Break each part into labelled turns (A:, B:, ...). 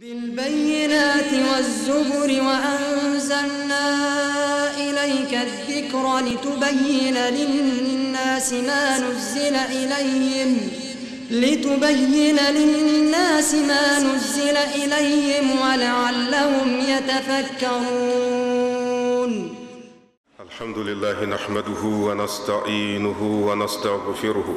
A: بالبينات والزبر وأنزلنا إليك الذكر لتبين للناس ما نزل إليهم لتبين للناس ما نزل إليهم ولعلهم يتفكرون الحمد لله نحمده ونستعينه ونستغفره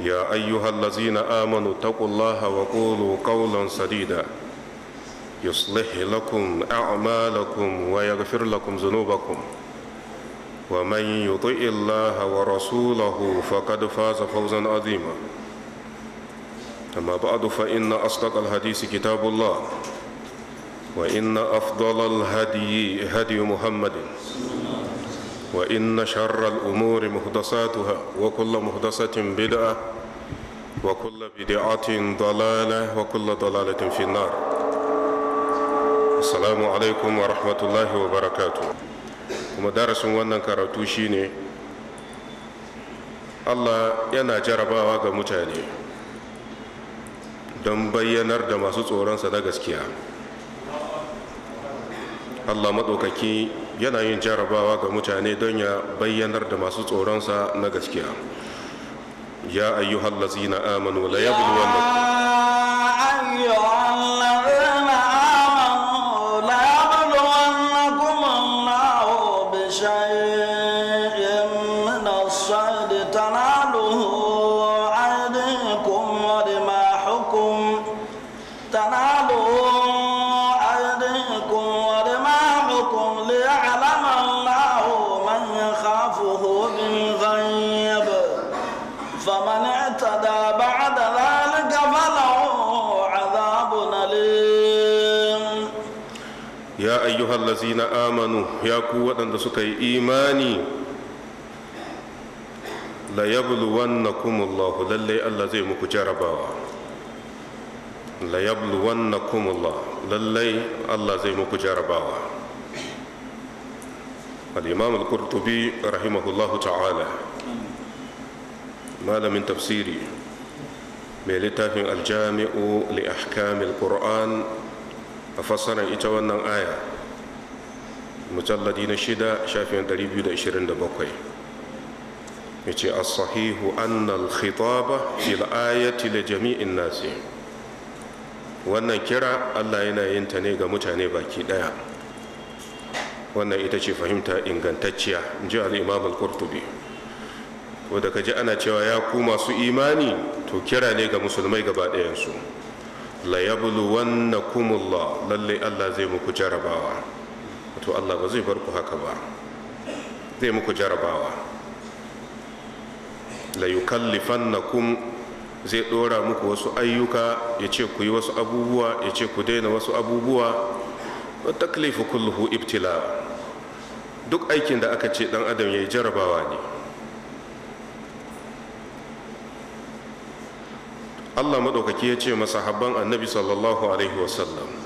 A: يا أيها الذين آمنوا اتقوا الله وقولوا قولا سديدا يصلح لكم أعمالكم ويغفر لكم ذنوبكم ومن يطع الله ورسوله فقد فاز فوزا عظيما أما بعد فإن أصدق الحديث كتاب الله وإن أفضل الهدي هدي محمد وإن شر الأمور محدثاتها وكل محدثة بدعة وكل بدعة ضلالة وكل ضلالة في النار السلام عليكم ورحمة الله وبركاته kuma darasin wannan karatu shine Allah yana jarabawa ga mutane don bayyanar da masu tsoronsa na gaskiya Allah maɗaukaki yana yin jarabawa ga mutane don ya bayyanar da masu tsoronsa na gaskiya ya ayyuhallazina amanu la yabluwannakum ya ku waɗanda suka yi imani la yabluwannakum Allah lallai Allah zai muku jarabawa la yabluwannakum Allah lallai Allah zai muku jarabawa al-imam al-qurtubi rahimahullahu ta'ala malamin tafsiri mai littafin aljami'u li ahkamil qur'an a fassarar ita wannan aya mujalladi na shida shafin 227 ya ce a sahihu annal khitaba fil ayati li jami'in nasi wannan kira Allah yana yin ta ne ga mutane baki daya wannan ita ce fahimta ingantacciya in ji al-imam al-qurtubi ko da ji ana cewa ya ku masu imani to kira ne ga musulmai gaba ɗayansu la yabluwannakumullah lalle Allah zai muku jarabawa to Allah ba zai bar ku haka ba zai muku jarabawa la yukallifannakum zai dora muku wasu ayyuka ya ce ku yi wasu abubuwa ya ce ku daina wasu abubuwa wa taklifu kulluhu ibtila duk aikin da aka ce dan adam ya yi jarabawa ne Allah maɗaukaki ya ce masahabban annabi sallallahu alaihi wasallam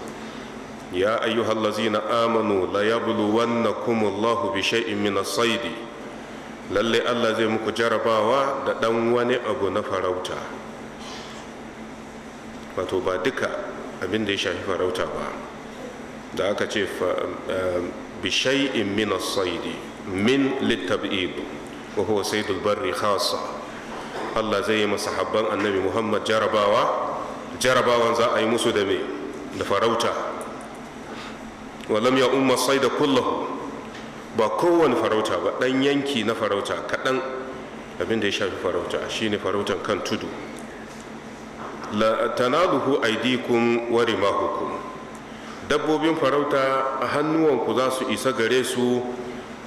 A: يا أيها الذين آمنوا ليبلونكم الله بشيء من الصيد lalle Allah zai muku jarabawa da ɗan wani abu na farauta wato ba duka abin da ya shafi farauta ba da aka ce bishai'in min saidi min littab'id wa huwa saidul barri khassa Allah zai yi masahabban annabi Muhammad jarabawa jarabawan za a yi musu da me da farauta walam ya umma da kullum ba kowane farauta ba ɗan yanki na farauta kaɗan abin da ya shafi farauta shi ne farautan kan tudu la tanaluhu aidikum wa rimahukum dabbobin farauta a hannuwanku za su isa gare su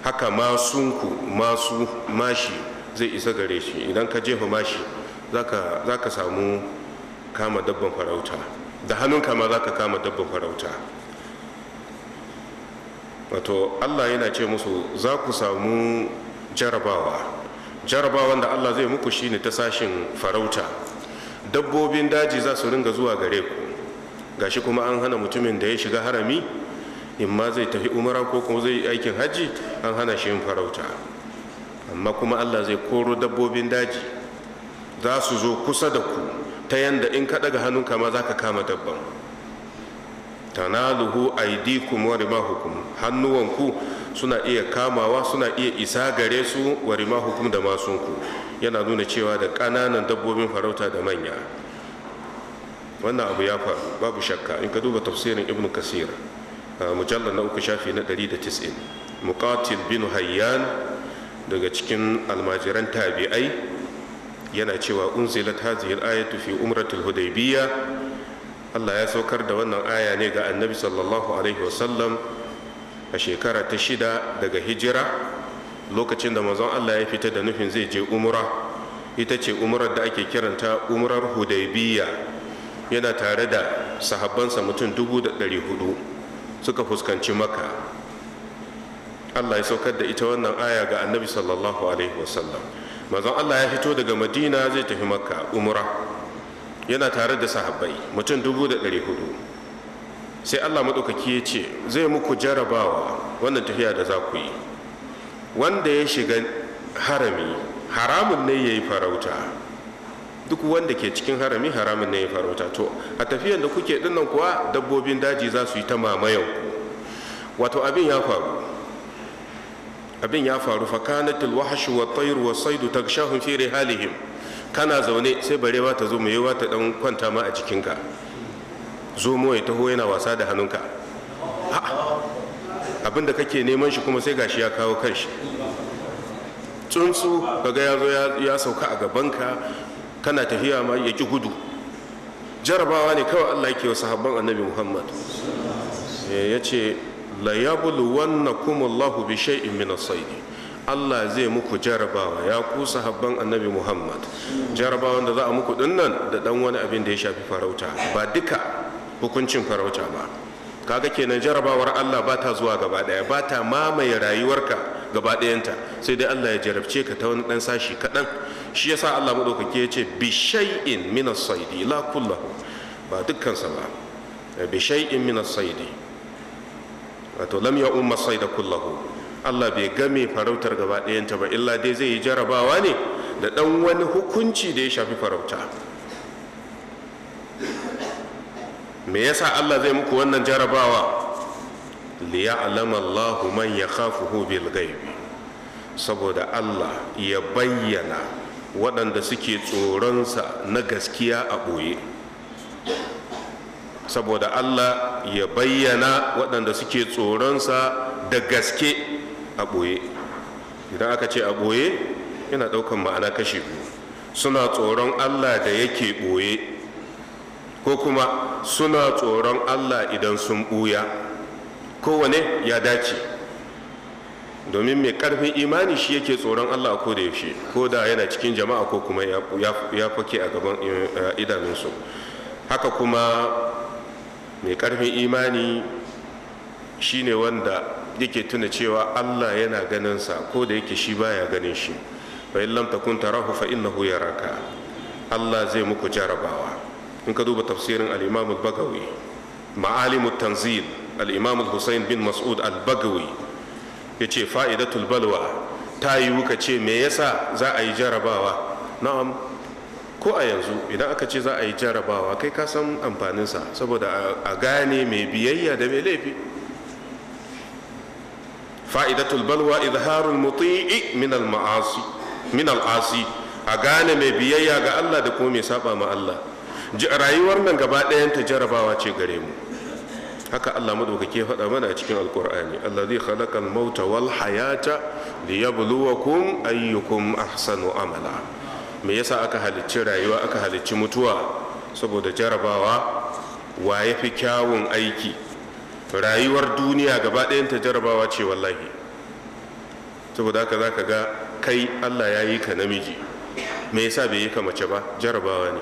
A: haka masunku masu mashi zai isa gare shi idan ka jefa mashi za ka samu kama dabban farauta da hannunka ma za ka kama dabban farauta wato allah yana ce musu za ku samu jarabawa jarabawan da allah zai muku shine ta sashin farauta dabbobin daji za su ringa zuwa gare ku gashi kuma an hana mutumin da ya shiga harami in ma zai tafi umara ko kuma zai aikin hajji an hana shi yin farauta amma kuma allah zai koro dabbobin daji za su zo kusa da ku ta yanda in ka daga hannunka ma za ka kama dabban tanaluhu aydikum wa rimahukum hannuwanku suna iya kamawa suna iya isa gare su wa rimahukum da masunku yana nuna cewa da ƙananan dabbobin farauta da manya wannan abu ya faru babu shakka in ka duba tafsirin ibn kasir mujallar na uku shafi na 190 muqatil bin hayyan daga cikin almajiran tabi'ai yana cewa unzilat hadhihi al-ayatu fi umratil hudaybiyya Allah ya saukar da wannan aya ne ga annabi sallallahu alaihi wasallam a shekara ta shida daga hijira lokacin da manzon Allah ya fita da nufin zai je umura ita ce umurar da ake kiranta umurar hudaybiya yana tare da sahabbansa mutum dubu da ɗari hudu suka fuskanci maka Allah ya saukar da ita wannan aya ga annabi sallallahu alaihi wasallam manzon Allah ya fito daga madina zai tafi maka umura yana tare da sahabbai mutum dubu da ɗari hudu sai allah maɗaukaki ya ce zai muku jarabawa wannan tafiya da za ku yi wanda ya shiga harami haramun ne ya yi farauta duk wanda ke cikin harami haramun ne ya yi farauta to a tafiyan da kuke dinnan kuwa dabbobin daji za su yi ta mamayan ku wato abin ya faru abin ya faru fakanatul wahshu wa tayr wa saydu fi rihalihim kana zaune sai barewa ta zo mu yiwa ta dan kwanta ma a cikinka. zo mu ya taho yana wasa da hannunka abin da kake neman shi kuma sai gashi ya kawo kanshi tsuntsu kaga ya zo ya sauka a gabanka kana tafiya ma ya ki gudu jarabawa ne kawai Allah yake wa sahabban annabi Muhammad eh, ya ce la kuma Allahu bi shay'in min as Allah zai muku jarabawa ya kusa sahabban annabi Muhammad jarabawan da za a muku dinnan da dan wani abin da ya shafi farauta ba duka hukuncin farauta ba kaga kenan jarabawar Allah ba ta zuwa gaba daya ba ta mamaye rayuwarka gaba dayanta sai dai Allah ya jarabce ka ta wani dan sashi kaɗan. shi yasa Allah madaukake ya ce bi shay'in saidi la kullahu ba dukkan ba bi shay'in saidi wato lam ya umma as-saida kullahu allah bai game farautar gaba ɗayanta ba illa dai zai yi jarabawa ne da ɗan wani hukunci da ya shafi farauta me yasa allah zai muku wannan jarabawa liya'lama allahu man ya bil ghaibi saboda allah ya bayyana waɗanda suke tsoronsa na gaskiya a ɓoye saboda allah ya bayyana waɗanda suke tsoronsa da gaske a ɓoye idan aka ce a ɓoye yana ɗaukan ma'ana kashe biyu suna tsoron allah da yake ɓoye ko kuma suna tsoron allah idan sun ɓuya kowane ya dace domin mai ƙarfin imani shi yake tsoron allah ko da yaushe ko da yana cikin jama'a ko kuma ya fake a gaban eh, idanunsu haka kuma mai ƙarfin imani shi ne wanda yake tuna cewa Allah yana ganin sa ko da yake shi baya ganin shi fa in lam takun tarahu fa innahu yaraka Allah zai muku jarabawa in ka duba tafsirin al-Imam al-Bagawi at tanzil al-Imam al-Husayn bin Mas'ud al-Bagawi yace fa'idatul balwa ta yi wuka ce me yasa za a yi jarabawa na'am ko a yanzu idan aka ce za a yi jarabawa kai ka san amfaninsa saboda a gane mai biyayya da mai laifi fa'idatul balwa izharul muti'i min min al'asi, asi a gane mai biyayya ga Allah da kuma mai saba ma Allah rayuwar nan gaba ɗayan ta jarabawa ce gare mu haka Allah ke faɗa mana a cikin alkur'ani allazi khalaqal mauta wal hayata kun, ayyukun ahsanu amala me yasa aka halicci rayuwa aka halicci mutuwa saboda jarabawa wa yafi kyawun aiki rayuwar duniya gaba ɗayan ta jarabawa ce wallahi saboda haka zaka ga kai Allah ya yi ka namiji me yasa bai yi ka mace ba jarabawa ne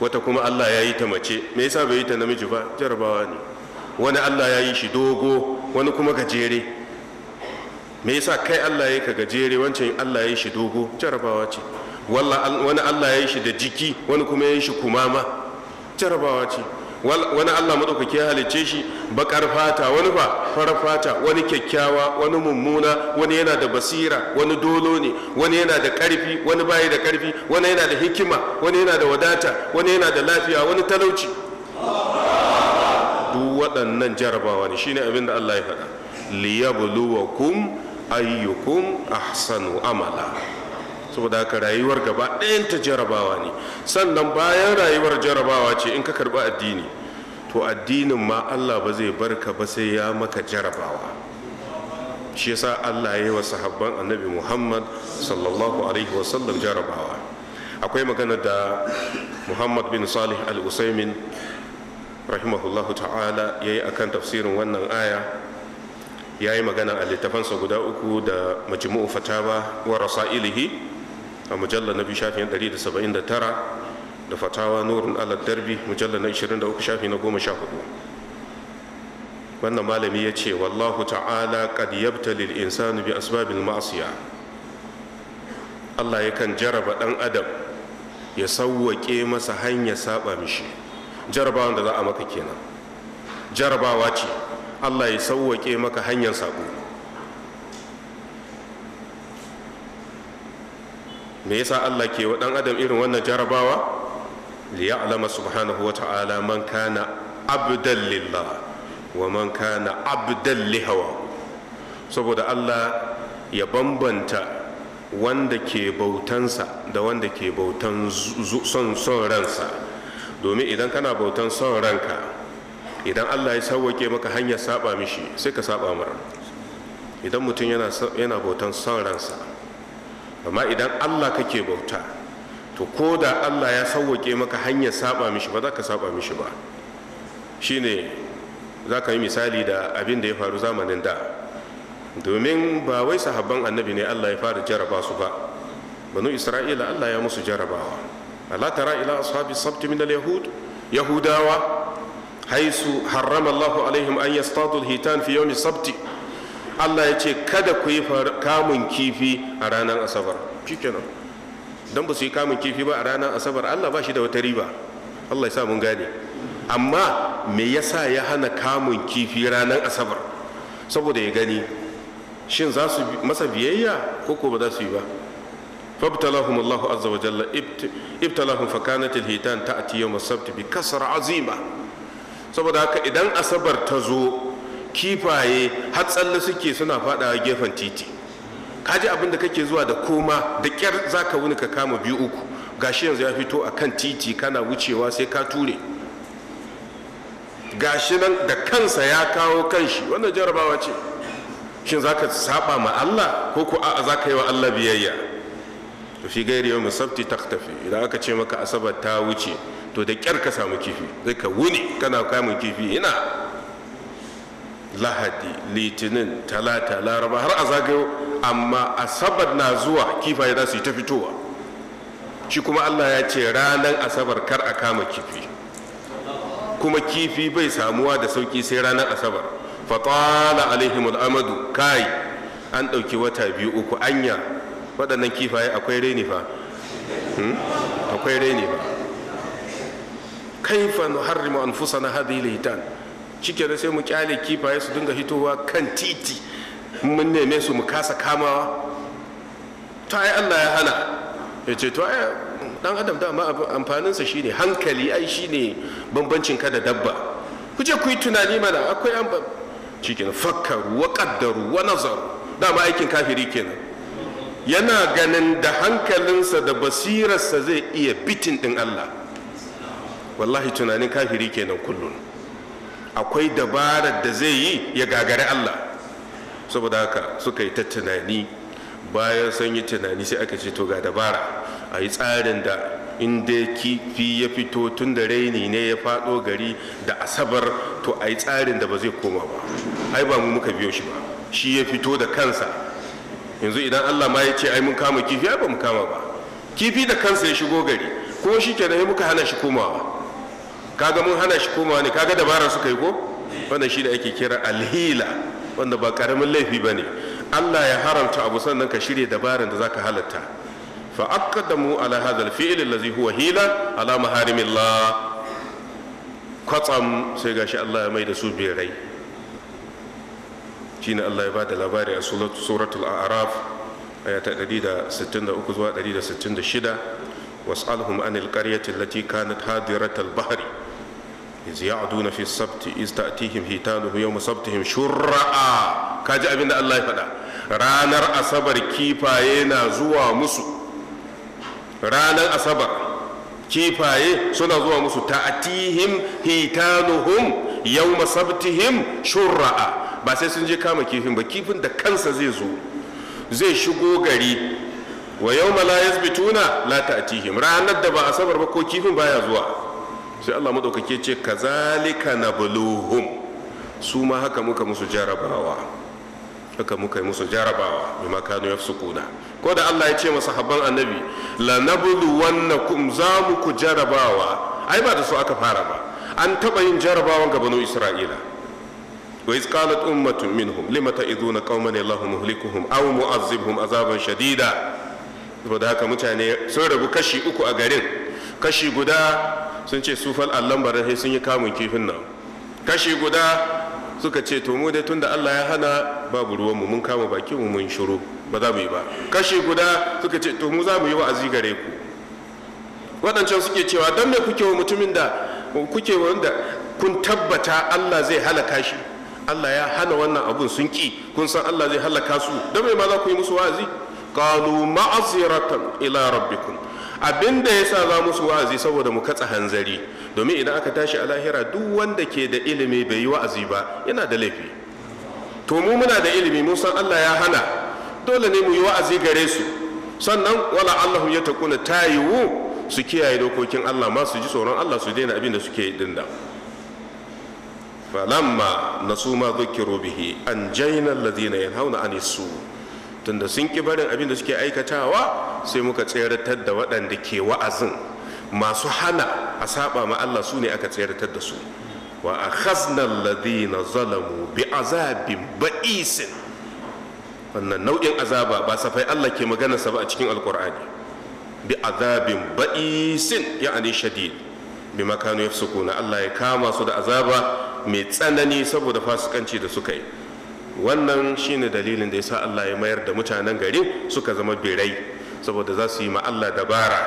A: wata kuma Allah ya yi ta mace me yasa bai yi ta namiji ba jarabawa ne wani Allah ya yi shi dogo wani kuma gajere me yasa kai Allah ya yi ka gajere wancan Allah ya yi shi dogo jarabawa ce wani Allah ya yi shi da jiki wani kuma ya yi shi kumama jarabawa ce wani allah maɗaukaki ya halicce shi bakar fata wani ba farar fata wani kyakkyawa wani mummuna wani yana da basira wani dolo ne wani yana da ƙarfi wani bayi da ƙarfi wani yana da hikima wani yana da wadata wani yana da lafiya wani talauci duk waɗannan jarabawa ne shine abin da allah ya faɗa liyabluwakum ayyukum ahsanu amala saboda haka rayuwar gaba ɗayan ta jarabawa ne sannan bayan rayuwar jarabawa ce in ka karɓi addini to addinin ma allah ba zai barka ba sai ya maka jarabawa shi yasa allah ya yi wa sahabban annabi muhammad sallallahu alaihi wasallam jarabawa akwai magana da muhammad bin salih al-usaimin rahimahullah ta'ala ya yi akan tafsirin wannan aya ya yi magana a littafansa guda uku da majmu'u fatawa wa rasailihi a mujallar na biyu shafin 179 da fatawa nurun alad darbi mujallar na 23 shafi na 14 wannan malami ya ce wallahu ta'ala qad yabtali al-insanu bi asbabil ma'siya Allah yakan jaraba dan adam ya sawwake masa hanya saba mishi jarabawan da za a maka kenan jarabawa ce Allah ya sawwake maka hanyar sabo me yasa Allah ke wa dan adam irin wannan jarabawa liya'lama subhanahu wata'ala man kana abdan lillah wa man kana abdan lihawa saboda Allah ya bambanta wanda ke bautansa da wanda ke bautan son son ransa domin idan kana bautan son ranka idan Allah ya sauwake maka hanyar saba mishi sai ka saba mara idan mutum yana bautan son ransa amma idan Allah kake bauta to ko da Allah ya sauwake maka hanyar saba mishi ba za ka saba mishi ba shine za ka yi misali da abin da ya faru zamanin da domin ba wai sahabban annabi ne Allah ya fara jaraba su ba banu isra'ila Allah ya musu jarabawa ala tara ila ashabi sabti min yahud yahudawa haisu harrama alaihim an yastadu hitan fi yawmi sabti allah ya ce kada ku yi kamun kifi a ranar asabar shikenan don ba su yi kamun kifi ba a ranar asabar allah ba shi da wata riba allah ya sa mun gane amma me yasa ya hana kamun kifi ranar asabar saboda ya gani shin za su masa biyayya ko ko ba za su yi ba jalla ibtalahum fa kanat alhitan ta'ti yawm as-sabt bi kasra azima. saboda haka idan asabar ta zo kifaye har tsalle suke suna fadawa gefen titi kaji abin da kake zuwa da koma da kyar zaka wuni ka kama biyu uku gashi yanzu ya fito a kan titi kana wucewa sai ka ture gashi nan da kansa ya kawo kanshi wannan jarabawa ce shin zaka saba ma Allah ko ko a'a zaka yi wa Allah biyayya to fi gairi yau musabti taktafi idan aka ce maka asabar ta wuce to da kyar ka samu kifi zai ka wuni kana kamun kifi ina lahadi litinin talata laraba har a zagayo amma asabar na zuwa kifaye za su yi ta fitowa shi kuma allah ya ce ranar asabar kar a kama kifi kuma kifi bai samuwa da sauki sai ranar asabar fatala alaihim al'amadu kai an ɗauki wata biyu uku anya waɗannan kifaye akwai reni fa hmm? akwai reni fa kaifa nuharrimu anfusana hadhihi litan shikenan sai mu kyale kifaye su dinga hitowa kan titi mun neme su mu kasa kamawa to ai Allah ya hana ya ce to ai dan adam dama sa shine hankali ai shine bambancin ka da dabba ku je ku yi tunani mana akwai an cikin fakkar wa kaddaru wa nazar dama aikin kafiri kenan yana ganin da hankalinsa da basirarsa zai iya bitin din Allah wallahi tunanin kafiri kenan kullum akwai dabarar da zai yi ya gagari Allah saboda haka suka yi ta tunani bayan sun yi tunani sai aka ce to ga dabara a yi tsarin da inda kifi ya fito tun da raini ne ya faɗo gari da asabar to a yi tsarin da ba zai koma ba ai ba mu muka biyo shi ba shi ya fito da kansa yanzu idan Allah ma ya ce ai mun kama kifi ai ba mu kama ba kifi da kansa ya shigo gari ko shi kenan muka hana shi komawa kaga mun hana shi komawa ne kaga dabara suka yi ko wannan shi da ake kira alhila wanda ba karamin laifi ba ne allah ya haramta abu sannan ka shirya dabaran da zaka halatta fa aqaddamu ala hadha al-fi'l allazi huwa hila ala maharimillah kwatsam sai gashi allah ya mai da su birai shine allah ya ba da labari a suratul a'raf aya ta 163 zuwa 166 was'alhum anil qaryati allati kanat hadirat al-bahri iz ya'duna fi sabti iz ta'tihim hitanuhu yawma sabtihim shurra'a kaji abin da Allah ya faɗa ranar asabar kifaye na zuwa musu ranar asabar kifaye suna zuwa musu ta'tihim hitanuhum yawma sabtihim shurra'a ba sai sun je kama kifin ba kifin da kansa zai zo zai shigo gari wa yawma la yasbituna la ta'tihim ranar da ba asabar ba ko kifin baya zuwa sai Allah madaukake ce kazalika nabluhum su ma haka muka musu jarabawa haka muka yi musu jarabawa ko da Allah ya ce masa habban annabi la nabluwannakum za ku jarabawa ai ba da su aka fara ba an taɓa yin jarabawan gabanin isra'ila wa iz qalat ummatun minhum lima ta'iduna qauman Allahu muhlikuhum aw mu'azzibhum azaban shadida saboda haka mutane sun rabu kashi uku a garin kashi guda sun ce sufan allon barahe sun yi kamun kifin nan kashi guda suka ce to mu dai tunda allah ya hana babu ruwanmu mun kama baki mu mun shiru ba za mu yi ba kashi guda suka ce to mu za mu yi wa'azi gare ku waɗancan suke cewa don me kuke wa mutumin da kuke wanda kun tabbata allah zai halaka shi allah ya hana wannan abun sun ki kun san allah zai halaka su don me ma za ku yi musu wa'azi qalu ma'aziratan ila rabbikum abin da ya sa za mu su wa'azi saboda mu katsa hanzari domin idan aka tashi a lahira duk wanda ke da ilimi bai yi wa'azi ba yana da laifi to mu muna da ilimi mun san Allah ya hana dole ne mu yi wa'azi gare su sannan wala Allahu ya takuna tayiwu su kiyaye dokokin Allah ma su ji tsoron Allah su daina abin da suke dinda falamma nasu ma bihi anjayna alladhina yanhauna anisu tunda sun ƙi barin abin da suke aikatawa sai muka tseratar da waɗanda ke wa'azin masu hana a saba ma Allah su ne aka tseratar da su wa akhazna alladhina zalamu bi azabin ba'isin wannan nau'in azaba ba safai Allah ke magana sa ba a cikin alkur'ani bi azabin ba'isin ya'ani shadid bi makanu yafsukuna Allah ya kama su da azaba mai tsanani saboda fasikanci da suka yi wannan shine dalilin da ya sa Allah ya mayar da mutanen gari suka zama birai saboda za su yi ma'alla dabara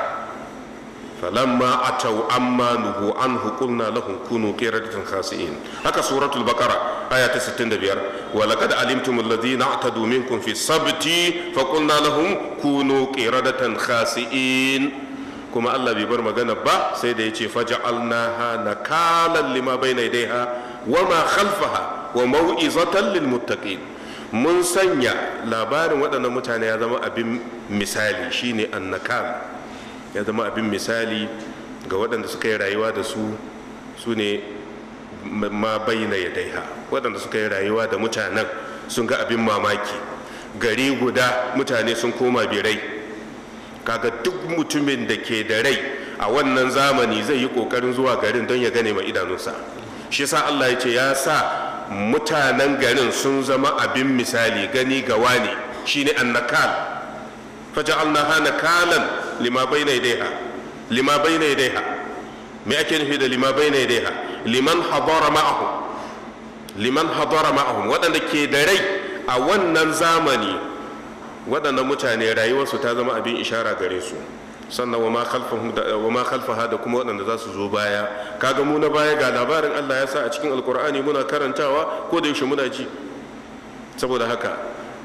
A: falamma atau amma nuhu anhu qulna lahum kunu qiradatan khasi'in haka suratul baqara aya ta 65 wa laqad alimtum alladhina atadu minkum fi sabti fa qulna lahum kunu qiradatan khasi'in kuma Allah bai bar magana ba sai da yace na nakalan lima bayna yadayha wa ma khalfaha wa mau'izatan lil muttaqin mun sanya labarin waɗannan mutane ya zama abin misali shine annakam ya zama abin misali ga waɗanda suka yi rayuwa da su su ne ma bayyana ya daiha waɗanda suka yi rayuwa da mutanen sun ga abin mamaki gari guda mutane sun koma birai kaga duk mutumin da ke da rai a wannan zamani zai yi ƙoƙarin zuwa garin don ya gane ma idanunsa shi sa allah ya ce ya sa mutanen garin sun zama abin misali gani ga wani ne annakal faja'alnaha nakalan lima baina daiha? lima baina daiha? me ake nufi da lima baina daiha? liman hadara ma'ahu liman hadara ma'ahu waɗanda ke da rai a wannan zamani waɗannan mutane rayuwarsu ta zama abin ishara gare su sannan wa ma khalfaha da kuma waɗanda za su zo baya kaga mu na baya ga labarin Allah ya sa a cikin alkur'ani muna karantawa ko da yaushe muna ji saboda haka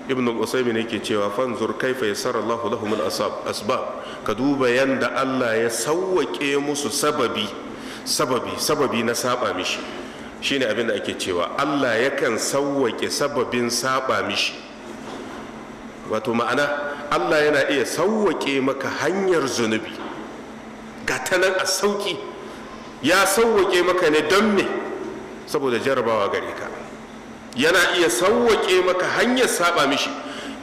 A: ibn al-usaymin yake cewa fanzur kaifa yassara lahum al-asbab ka duba yanda Allah ya sawwake musu sababi sababi sababi na saba mishi shine abin da ake cewa Allah yakan sawwake sababin saba mishi wato ma'ana Allah yana iya sauwaƙe maka hanyar zunubi ga ta nan a sauƙi ya sauwaƙe maka ne don me saboda jarabawa gare ka yana iya sauwaƙe maka hanyar saba mishi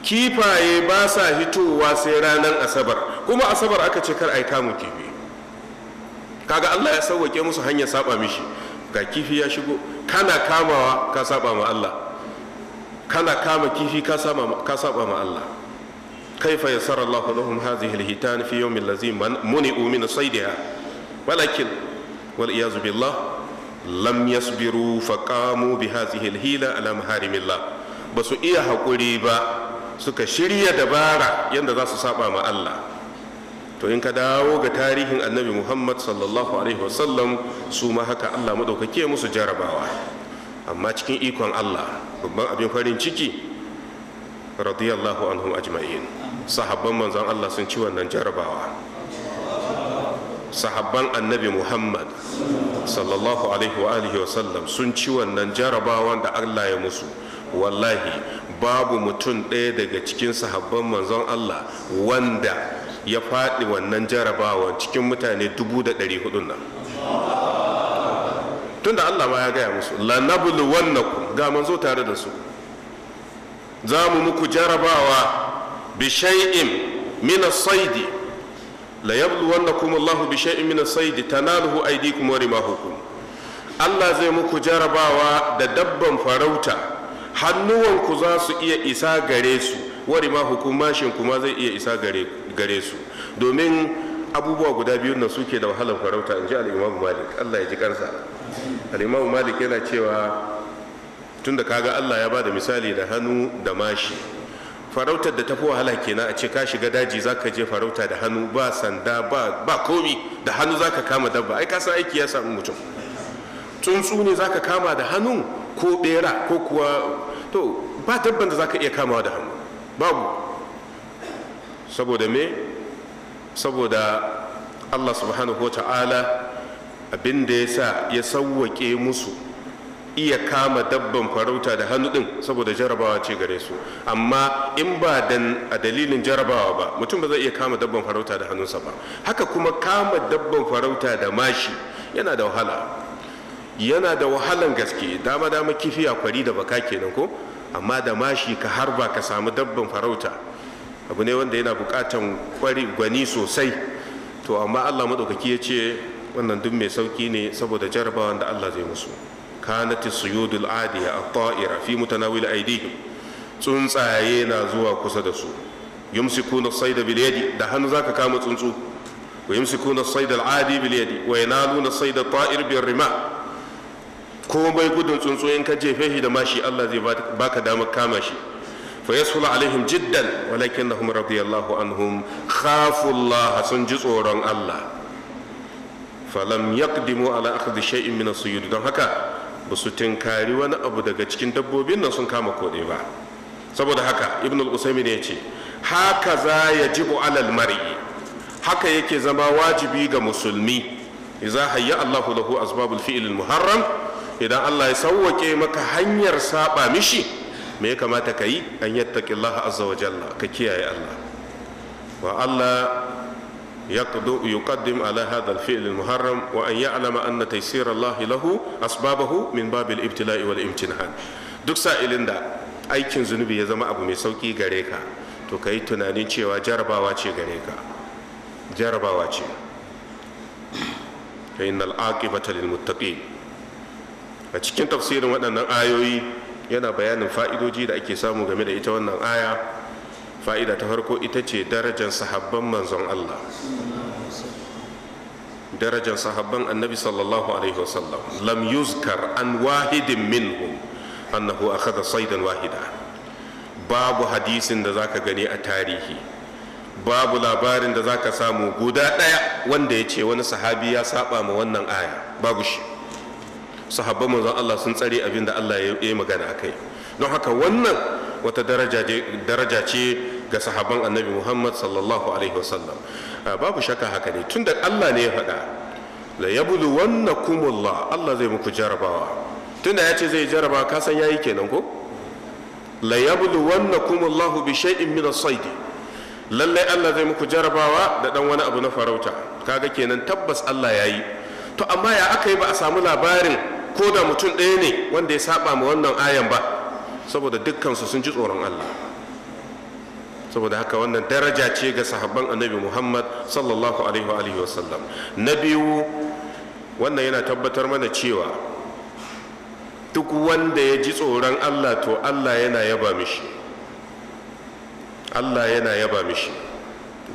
A: kifaye ba sa hitowa sai ranar asabar kuma asabar aka ce kar a yi kamun kifi kaga Allah ya sauwaƙe musu hanyar saba mishi ga kifi ya shigo kana kamawa ka saba ma Allah kana kama kifi ka saba ma Allah كيف يسر الله لهم هذه الهتان في يوم الذي منعوا من صيدها ولكن والعياذ بالله لم يصبروا فقاموا بهذه الهيلة على محارم الله بس إيا حقولي با suka shirya dabara yadda za su saba ma Allah to in ka dawo ga tarihin annabi Muhammad sallallahu alaihi wasallam su ma haka Allah madaukake musu jarabawa amma cikin ikon Allah babban abin farin ciki radiyallahu anhum ajma'in sahabban manzan Allah sun ci wannan jarabawa sahabban annabi Muhammad sallallahu alaihi wa alihi wasallam sun ci wannan jarabawan da Allah ya musu wallahi babu mutum ɗaya daga cikin sahabban manzon Allah wanda ya faɗi wannan jarabawan cikin mutane dubu da ɗari hudun nan tunda Allah ma ya gaya musu lanabulu wannan ga manzo tare da su za mu muku jarabawa bishai'in mina saidi la yablu wanda kuma Allah bishai'in mina saidi tanaluhu kuma wari mahukum. Allah zai muku jarabawa da dabban farauta hannuwanku za su iya isa gare su wari ma mashin kuma zai iya isa gare su domin abubuwa guda biyu na suke da wahalar farauta in ji al'imamu malik Allah ya ji kansa al'imamu malik yana cewa tunda kaga Allah ya ba da misali da hannu da mashi farautar da tafi wahala kenan a ce ka shiga daji zaka je farauta da hannu ba sanda ba komi da hannu zaka kama dabba ai ka san aiki ya samu mutum tsuntsu ne zaka kama da hannu ko bera ko kuwa to ba dabban da zaka iya kamawa da hannu babu saboda me saboda Allah subhanahu wa ta'ala abin da ya sa ya sauwake musu iya kama dabban farauta da hannu din saboda jarabawa ce gare su amma in ba dan a dalilin jarabawa ba mutum ba zai iya kama dabban farauta da hannunsa ba haka kuma kama dabban farauta da mashi yana da wahala yana da wahalan gaske dama dama kifi a kwari da baka kenan ko amma da mashi ka harba ka samu dabban farauta abu ne wanda yana bukatan kwari gwani sosai to amma allah maɗaukaki ya ce wannan duk mai sauki ne saboda jarabawa da allah zai musu kanat suyudul adiya at-ta'ira fi mutanawil aydihim tsuntsaye na zuwa kusa da su yumsikuna sayda bil yadi da hannu zaka kama tsuntsu wa yumsikuna sayda al-adi bil yadi wa yanaluna sayda at-ta'ir bir rima komai gudun tsuntsu ka jefe shi da mashi Allah zai baka damar kama shi fa yasfulu alaihim jiddan walakinnahum radiyallahu anhum khafu Allah sun ji tsoron Allah falam yaqdimu ala akhdhi shay'in min don haka ba su tinkari wani abu daga cikin dabbobin nan sun kama kode ba saboda haka ibn al-usaymin ya ce haka za ya jibu alal mar'i haka yake zama wajibi ga musulmi idan hayya Allahu lahu asbabul fi'l muharram idan Allah ya sauwake maka hanyar saba mishi me ya kamata ka yi an yattaqillaha azza wa jalla ka kiyaye Allah wa Allah يقدم على هذا الفعل المحرم وأن يعلم أن تيسير الله له أسبابه من باب الابتلاء والامتحان duk sa'ilin da aikin zunubi ya zama abu mai sauki gare ka to ka yi tunanin cewa jarabawa ce gare ka jarabawa ce fa innal aqibata lil muttaqin a cikin tafsirin waɗannan ayoyi yana bayanin fa'idodi da ake samu game da ita wannan aya fa'ida ta farko ita ce darajar sahabban manzon Allah darajar sahabban annabi sallallahu alaihi wasallam lam yuzkar an wahidin minhum annahu akhadha saidan wahida babu hadisin da zaka gani a tarihi babu labarin da zaka samu guda ɗaya wanda ya ce wani sahabi ya saba ma wannan aya babu shi sahabban manzon Allah sun tsare abin da Allah ya yi magana akai don haka wannan wata daraja ce ga sahaban annabi muhammad sallallahu alaihi wasallam babu shakka haka ne tunda allah ne ya faɗa la yabulu wanna kumullah allah zai muku jarabawa tunda ya ce zai jaraba kasan san yayi kenan ko la yabulu wanna kumullah bi shay'in min as-sayd lallai allah zai muku jarabawa da dan wani abu na farauta kaga kenan tabbas allah yayi to amma ya aka yi ba a samu labarin ko da mutum ɗaya ne wanda ya saba ma wannan ayan ba saboda dukkansu sun ji tsoron allah saboda haka wannan daraja ce ga sahabban annabi muhammad sallallahu alaihi wasallam na biyu wannan yana tabbatar mana cewa duk wanda ya ji tsoron allah to allah yana yaba mishi allah yana yaba mishi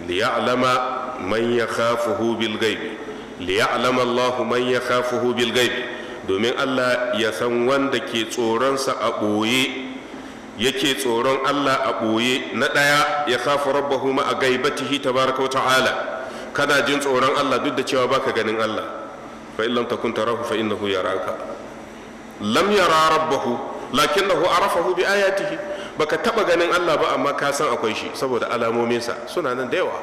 A: liya'lama man ya khafuhu bil gaibi liya'lama allah man ya khafuhu bil gaibi domin allah ya san wanda ke tsoronsa a ɓoye yake tsoron Allah a ɓoye na ɗaya ya kafa rabbahu ma a gaibatihi tabaraka wa ta'ala kana jin tsoron Allah duk da cewa baka ganin Allah fa illam takun tarahu fa innahu yaraka lam yara rabbahu lakinnahu arafahu bi ayatihi baka taba ganin Allah ba amma ka san akwai shi saboda alamominsa suna nan da yawa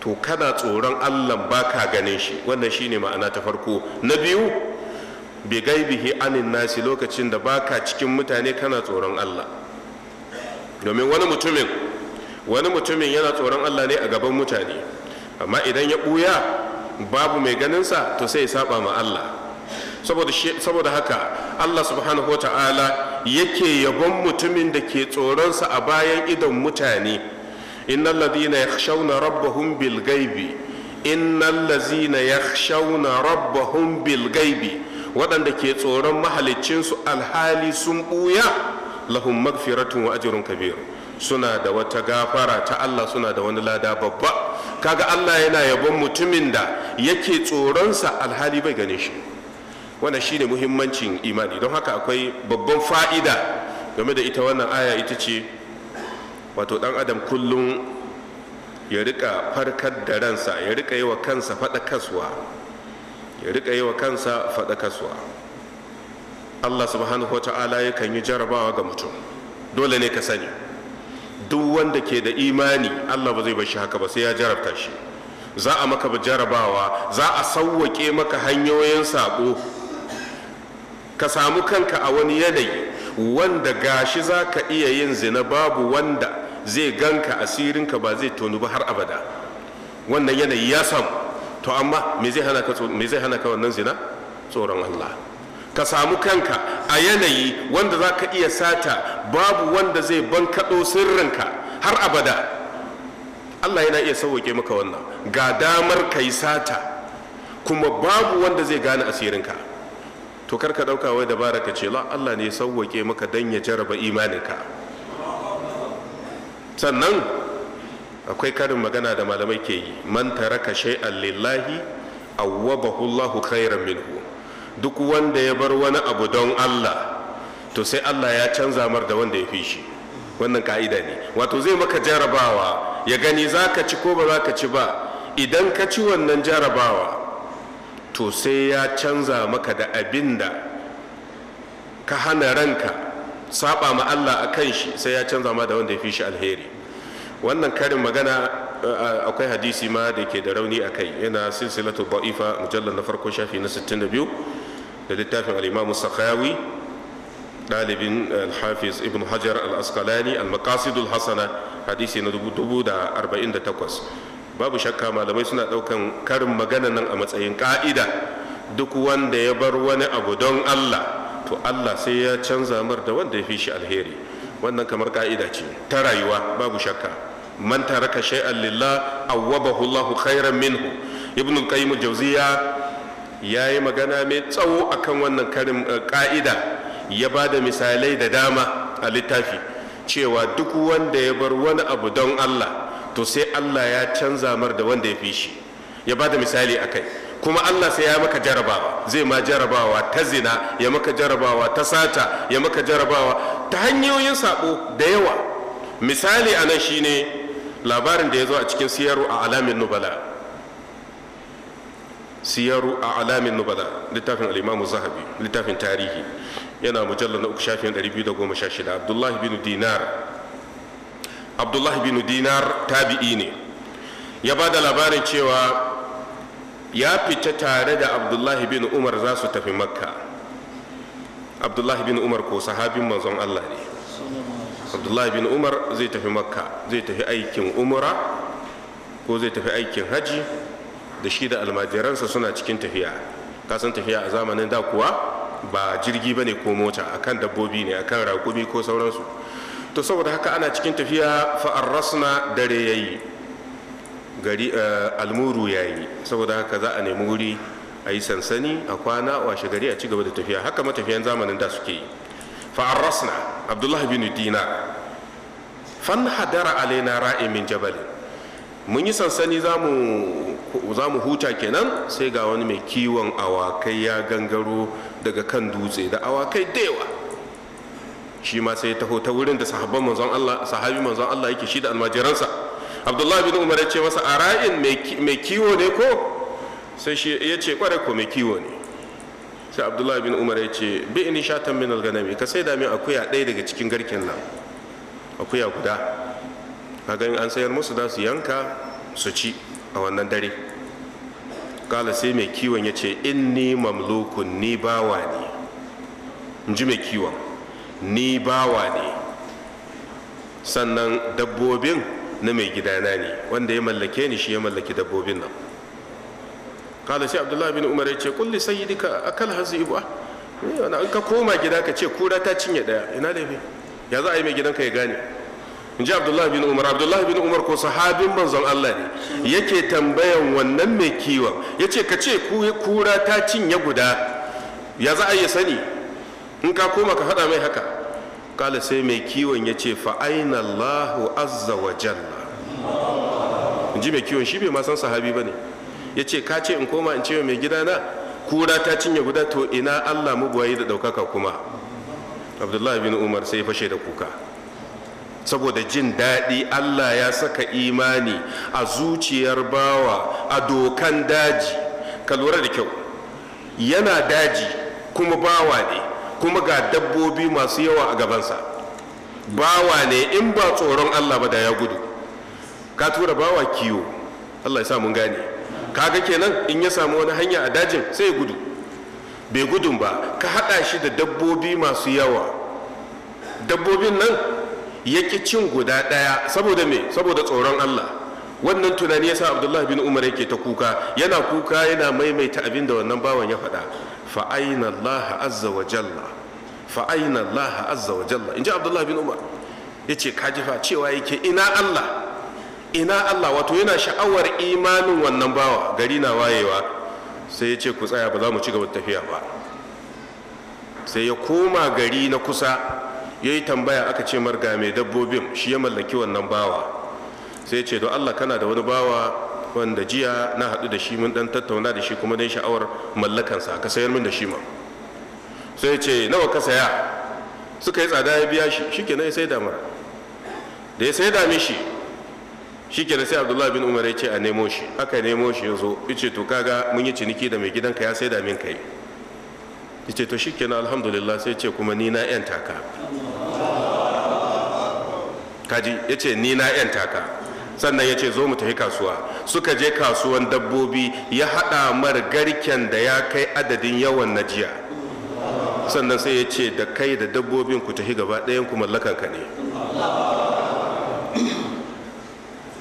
A: to kana tsoron Allah baka ganin shi wannan shine ma'ana ta farko na biyu bi gaibihi anin nasi lokacin da baka cikin mutane kana tsoron Allah domin wani mutumin wani mutumin yana tsoron Allah ne a gaban mutane amma idan ya buya babu mai ganinsa to sai ya saba ma Allah saboda haka Allah subhanahu wa ta'ala yake yabon mutumin da ke tsoronsa a bayan idon mutane innal ladina yakhshawna rabbahum bil ghaibi innal ladina yakhshawna rabbahum bil ghaibi waɗanda ke tsoron mahaliccinsu alhali sun ɓuya lahum magfiratun wa Kabiru. kabir suna da wata gafara ta Allah suna da wani lada babba kaga Allah yana yabon mutumin da yake tsoronsa alhali bai gane shi wannan shine muhimmancin imani don haka akwai babban fa'ida game da ita wannan aya ita ce wato dan adam kullum ya rika farkar da ransa ya rika yi wa kansa faɗa kaswa ya rika yi wa kansa kasuwa. allah subhanahu wa ta'ala yakan yi jarabawa ga mutum dole ne ka sani duk wanda ke da imani allah ba zai bar shi haka ba sai ya jarabta shi za a maka jarabawa za a sauwaƙe maka hanyoyin saƙo ka samu kanka a wani yanayi wanda gashi za ka iya yin zina babu wanda zai ganka asirinka ba zai tonu ba har abada wannan yanayi ya samu to amma me zai hana ka wannan zina tsoron Allah ka samu kanka a yanayi wanda za ka iya sata babu wanda zai bankaɗo sirrinka har abada Allah yana iya sauwake maka wannan ga damar ka yi sata kuma babu wanda zai gane asirinka to kar ka ɗauka wai dabara ka ce la Allah ne ya sauwake maka don ya jaraba imaninka sannan akwai karin magana da malamai ke yi man taraka shay'an lillahi awwabahu Allahu khairan minhu duk wanda ya bar wani abu don Allah to sai Allah ya canza mar da wanda ya fi shi wannan ka'ida ne wato zai maka jarabawa ya gani zaka ci ko ba zaka ci ba idan ka ci wannan jarabawa to sai ya canza maka da abinda ka hana ranka saba ma Allah akan shi sai ya canza ma da wanda ya fi shi alheri wannan karin magana eh, eh, akwai hadisi ma da ke da rauni a kai yana silsilatu ba'ifa mujallar na farko shafi na 62 da littafin al'imamu sakhawi ɗalibin alhafiz ibn hajar al askalani al-maqasidul hasana hadisi na 1048 babu shakka malamai suna ɗaukan karin magana nan a matsayin ƙa'ida duk wanda ya bar wani abu don allah to allah sai ya canza mar da wanda ya fi shi alheri wannan kamar ka'ida ce ta rayuwa babu shakka man taraka shay'an lillah awwabahu Allahu khairan minhu ibn al-qayyim al-jawziya yayi magana mai tsawo akan wannan karin eh, ka'ida ya bada misalai da dama a littafi cewa duk wanda ya bar wani abu don Allah to sai Allah ya canza mar da wanda ya fi shi ya bada misali akai kuma Allah sai ya maka jarabawa zai ma jarabawa ta zina ya maka jarabawa ta sata ya maka jarabawa ta hanyoyin sabo da yawa misali a nan shine labarin da ya zo a cikin siyaru a alamin nubala siyaru a alamin nubala littafin alimamu zahabi littafin tarihi yana mujallar na uku shafin 216 abdullahi bin dinar abdullahi bin dinar tabi'i ne ya ba da labarin cewa ya fita tare da abdullahi bin umar za su tafi makka abdullahi bin umar ko sahabin manzon allah ne abdullahi bin umar zai tafi makka zai tafi aikin umura ko zai tafi aikin haji da shi da almajiransa suna cikin tafiya kasan tafiya a zamanin da kuwa ba jirgi ba ne ko mota akan dabbobi ne akan raƙumi ko sauransu to saboda haka ana cikin tafiya fa'arrasna dare yayi gari eh, almuru ya yi saboda haka za a nemi wuri a yi sansani a kwana washe gari a ci gaba da tafiya haka matafiyan zamanin da suke yi fa'arrasna abdullahi bin dina fan hadara alaina ra'imin jabalin mun yi sansani za mu huta kenan sai ga wani mai kiwon awakai ya gangaro daga kan dutse da awakai da yawa shi ma sai taho ta wurin da sahabi manzon Allah yake shi da almajiransa abdullahi bin umar ya ce masa ara'in mai kiwo ne ko sai shi ya ce kwarai ko mai kiwo ne sai abdullahi bin umar ya ce bi in shatan min alganami ka sai da min akuya ɗaya daga cikin garken nan akuya guda ka ga an sayar musu za su yanka su ci a wannan dare kala sai mai kiwon ya ce inni mamlukun ni bawa ne in ji mai kiwon ni bawa ne sannan dabbobin na mai gidana ne wanda ya mallake ni shi ya mallaki dabbobin nan kala sai abdullahi bin umar ya ce kulli sayyidika akal hazi ah, eh, wani an ka koma gida ka ce kura ta cinye daya ina da ya za a yi mai gidanka ya gane in ji abdullahi bin umar abdullahi bin umar ko sahabin manzon allah ne yake tambayan wannan mai kiwon ya ce ka ce kura ta cinye guda ya za a yi sani in ka koma ka faɗa mai haka kala sai mai kiwon ya ce fa'aina allahu azza wa jalla in ji mai kiwon shi bai ma san sahabi ba ne ya ce ka ce in koma in ce mai gida na kura ta cinye guda to ina allah mugwaye da ɗaukaka kuma abdullahi bin umar sai fashe da kuka saboda jin daɗi allah ya saka imani a zuciyar bawa a dokan daji ka lura da kyau yana daji kuma bawa ne kuma ga dabbobi masu yawa a gabansa bawa ne in ba tsoron Allah ba da ya gudu ka tura bawa kiwo Allah ya sa mun gane kaga kenan in ya samu wani hanya a dajin sai ya gudu bai gudun ba ka haɗa shi da dabbobi masu yawa dabbobin nan ya ƙi cin guda ɗaya saboda me saboda tsoron Allah wannan tunani sa abdullahi bin umar yake ta kuka yana kuka yana maimaita abinda wannan bawan ya faɗa fa'aina Allah azza wa jalla fa'aina azza wa jalla in ji Abdullah bin Umar ya ce kajifa cewa yake ina Allah ina Allah wato yana sha'awar imanin wannan bawa gari na wayewa sai ya ce ku tsaya ba za mu ci gaba tafiya ba sai ya koma gari na kusa ya yi tambaya aka ce marga mai dabbobin shi ya mallaki wannan bawa sai ya ce don Allah kana da wani bawa wanda jiya na haɗu da shi mun dan tattauna da shi kuma dai sha'awar mallakansa ka sayar min da shi ma sai ce nawa ka saya suka yi tsada ya biya shi Shike na ya sai damar da ya sai dame shi Shike na sai abdullahi bin umar ya ce a nemo shi aka nemo shi ya zo ya ce to kaga mun yi ciniki da mai gidanka ya sai damin kai ya ce to shike na alhamdulillah sai ce kuma ni na yan taka kaji ya ce ni na yan taka sannan ya ce zo mu tafi kasuwa suka je kasuwan dabbobi ya haɗa mar garken da ya kai adadin yawan na jiya sannan sai ya ce da kai da dabbobin ku tafi gaba ɗayan ku mallakan ka ne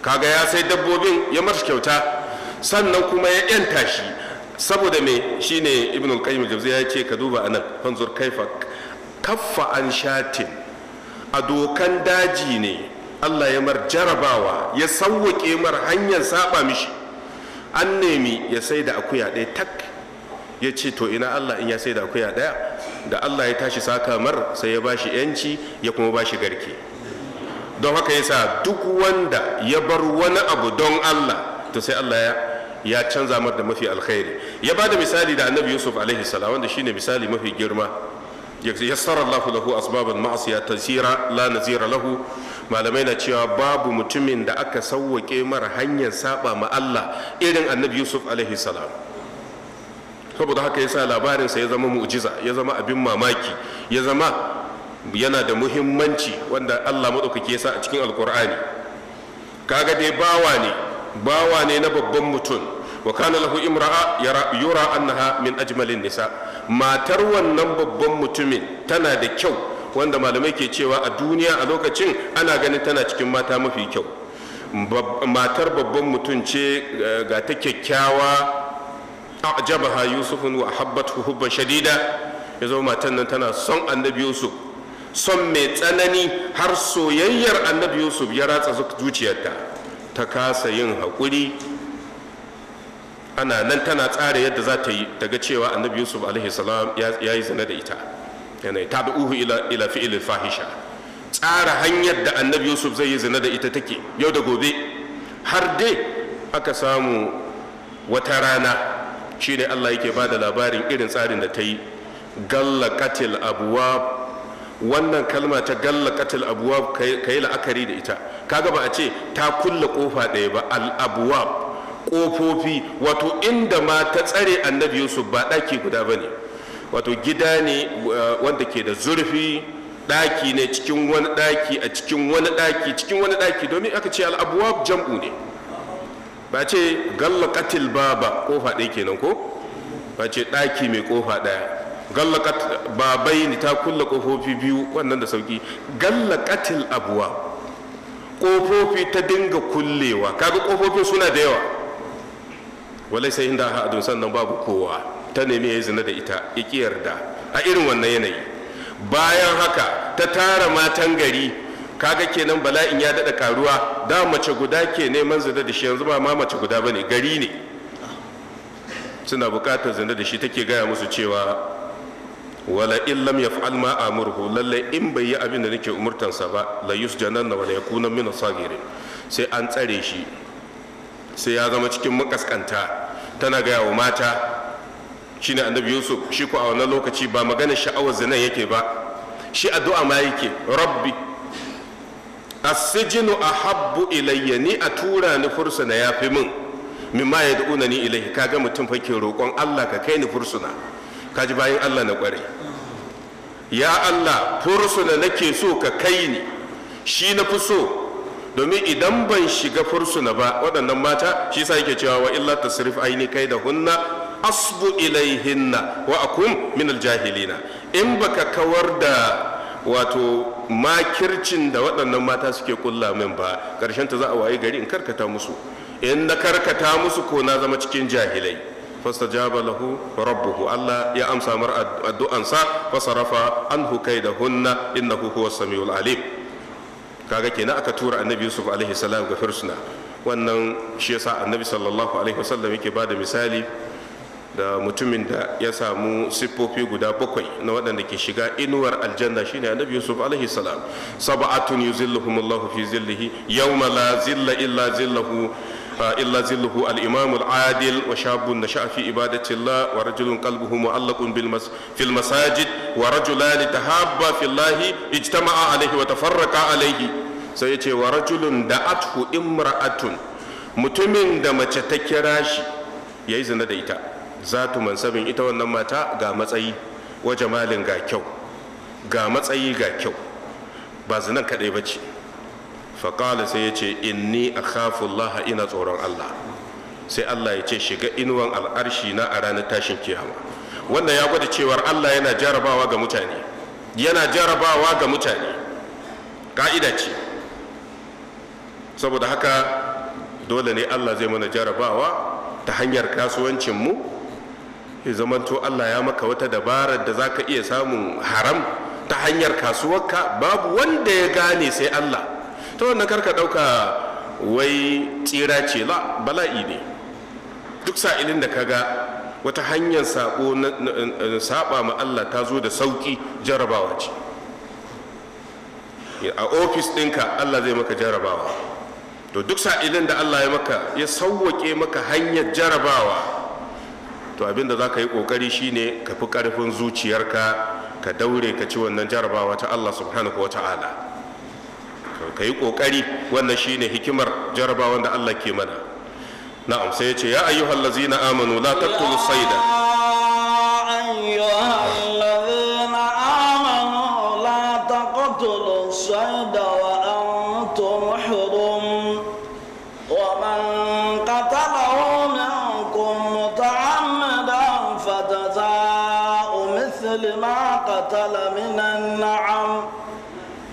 A: kaga ya sai dabbobin ya masa kyauta sannan kuma ya yanta shi saboda me shine ibn al-qayyim jawzi ya ce ka duba anan fanzur kaifa kaffa an shatin a dokan daji ne Allah ya mar jarabawa ya sauwake mar hanyar saba mishi an nemi ya sai da akuya ɗaya tak ya ce to ina Allah in ya sai da akuya ɗaya da Allah ya tashi saka mar sai ya bashi yanci ya kuma bashi garke don haka ya sa duk wanda ya bar wani abu don Allah to sai Allah ya ya canza mar da mafi alkhairi ya bada misali da annabi yusuf alaihi salam wanda shine misali mafi girma yassara Allahu lahu asbaban ma'asiya tasira la nazira lahu malamai na cewa babu mutumin da aka sauwake mara hanyar saba ma Allah irin Annabi Yusuf alaihi salam saboda haka yasa labarin sa ya zama mu'jiza ya zama abin mamaki ya zama yana da muhimmanci wanda Allah madaukake yasa a cikin alkur'ani kaga dai bawa ne bawa ne na babban mutum wa kana lahu imra'a yura annaha min ajmalin nisa matar wannan babban mutumin tana da kyau wanda malamai ke cewa a duniya a lokacin ana ganin tana cikin mata mafi kyau matar babban mutum ce eh, ga ta kyakkyawa ajabaha yusuf wa habbatu hubban shadida ya zo matan nan tana son annabi yusuf son mai tsanani har soyayyar annabi yusuf ya ratsa zuciyarta ta kasa yin haƙuri ana nan tana tsara yadda za ta yi daga cewa annabi yusuf alaihi salam ya yi zina da ita yana ta da uhu ila fahisha tsara hanyar da annabi yusuf zai yi zina da ita take yau da gobe har dai aka samu wata rana shine allah yake ba da labarin irin tsarin da ta yi galla katil abuwa wannan kalma ta galla katil abuwa ka yi la'akari da ita kaga ba a ce ta kulle kofa ɗaya ba al abuwa kofofi wato inda ma ta tsare annabi yusuf ba daki guda ba ne wato gida ne uh, wanda ke da zurfi ɗaki ne cikin wani ɗaki a cikin wani ɗaki cikin wani ɗaki domin aka ce al'abuwa jam'u ne ba ce galla katil baba kofa ɗaya kenan ko ba ce ɗaki mai kofa ɗaya galla babai ne ta kulla kofofi biyu wannan da sauki galla katil abuwa kofofi ta dinga kullewa kaga kofofin suna da yawa walai sai inda adun sannan babu kowa ta nemi yayi zina da ita ya yarda a irin wannan yanayi bayan haka ta tara matan gari kaga kenan bala'in ya dada karuwa da mace guda ke neman zina da shi yanzu ba ma mace guda bane gari ne suna bukatar zina da shi take gaya musu cewa wala in yaf'al ma amurhu lalle in bai yi abin da nake umurtansa ba la yusjananna wala yakuna min sagirin sai an tsare shi sai ya zama cikin makaskanta tana gaya wa mata shi ne annabi yusuf shi ko a wannan lokaci ba magana sha'awar zina yake ba shi addu'a ma yake rabbi asijinu ahabbu ilayya ni a tura ni fursuna ya fi min ma ya unani ni ka kaga mutum fa ke roƙon allah ka kai ni fursuna kaji bayan allah na ƙware ya allah fursuna nake so ka kai ni shi na fi so domin idan ban shiga fursuna ba waɗannan mata shi sa yake cewa wa illa tasrif aini kai da hunna asbu ilaihinna wa akum min aljahilina in baka kawar da wato makircin da waɗannan mata suke kulla min ba ƙarshen ta za a wayi gari in karkata musu in na karkata musu ko na zama cikin jahilai fastajaba lahu rabbuhu Allah ya amsa mar addu'ansa fasarafa anhu kaidahunna innahu huwas samiul alim kaga kenan aka tura annabi yusuf alaihi salam ga firsuna wannan shi yasa annabi sallallahu alaihi wasallam yake bada misali da mutumin da ya samu siffofi guda bakwai na waɗanda ke shiga inuwar aljanna shine annabi yusuf alaihi salam sab'atun yuzilluhumullahu fi zillihi yawma la zilla illa zillahu إلا زله الإمام العادل وشاب نشأ في عبادة الله ورجل قلبه معلق بالمس في المساجد ورجلان تهابا في الله اجتمعا عليه وتفرقا عليه سيأتي ورجل دعته امرأة متمن دمت تكراش يزن ديتا ذات منصب إتا ونمتا قامت أي وجمال غا كيو قامت أي غا كيو بازنان كده بچي faƙala sai ya ce inni a laha ina tsoron allah sai allah ya ce shiga inuwan al'arshi na a ranar tashin kiyama wannan ya gwada cewar allah yana jarabawa ga mutane yana jarabawa ga mutane ƙa'ida ce saboda haka dole ne allah zai mana jarabawa ta hanyar kasuwancinmu ya zamanto allah ya maka wata dabarar da za ka iya samun haram ta hanyar kasuwarka babu wanda ya gane sai allah ta wannan karka ɗauka wai tsira ce la bala'i ne duk sa'ilin da kaga wata hanyar saba ma Allah ta zo da sauki jarabawa ce a ofis ɗinka Allah zai maka jarabawa to duk sa'ilin da Allah ya maka ya sauwaƙe maka hanyar jarabawa to abinda za ka yi ƙoƙari shine ka fi ƙarfin zuciyarka ka daure ka ci wannan jarabawa ta Allah subhanahu wa ta'ala ka kokari wannan shine hikimar jaraba wanda Allah ke mana na'am sai ya ce ya ayyuhal ladzina amanu la taqtulu sayda
B: الصيد وأنتم حرم ومن قتله منكم متعمدا فجزاء مثل ما قتل من النعم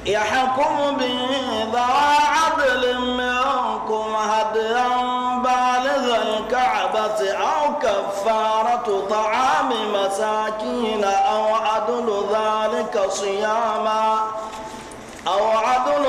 B: يحكم به عدل منكم هديا بالغ الكعبة أو كفارة طعام مساكين أو عدل ذلك صياما أو عدل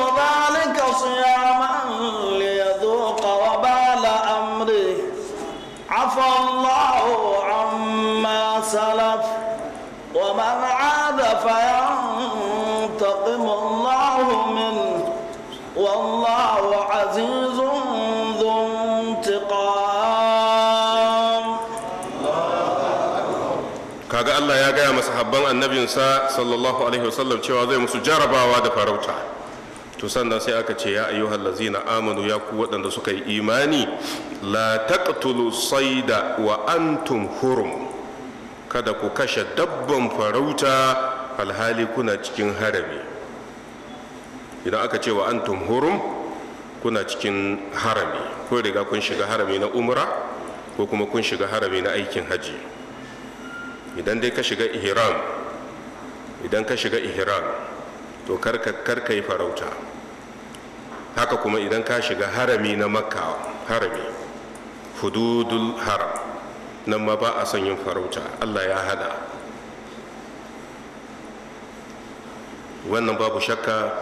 A: sahabban annabinsa sallallahu alaihi wasallam cewa zai musu jarabawa da farauta to sannan sai aka ce ya ayyuhal ladzina amanu ya ku waɗanda suka yi imani la taqtulu sayda wa antum hurum kada ku kashe dabban farauta alhali kuna cikin harami idan aka ce wa antum hurum kuna cikin harami ko riga kun shiga harami na umra ko kuma kun shiga harami na aikin hajji idan dai ka shiga ihram idan ka shiga ihram to karka yi farauta haka kuma idan ka shiga harami na makka harami hududul haram nan ma ba a son yin farauta allah ya hada wannan babu shakka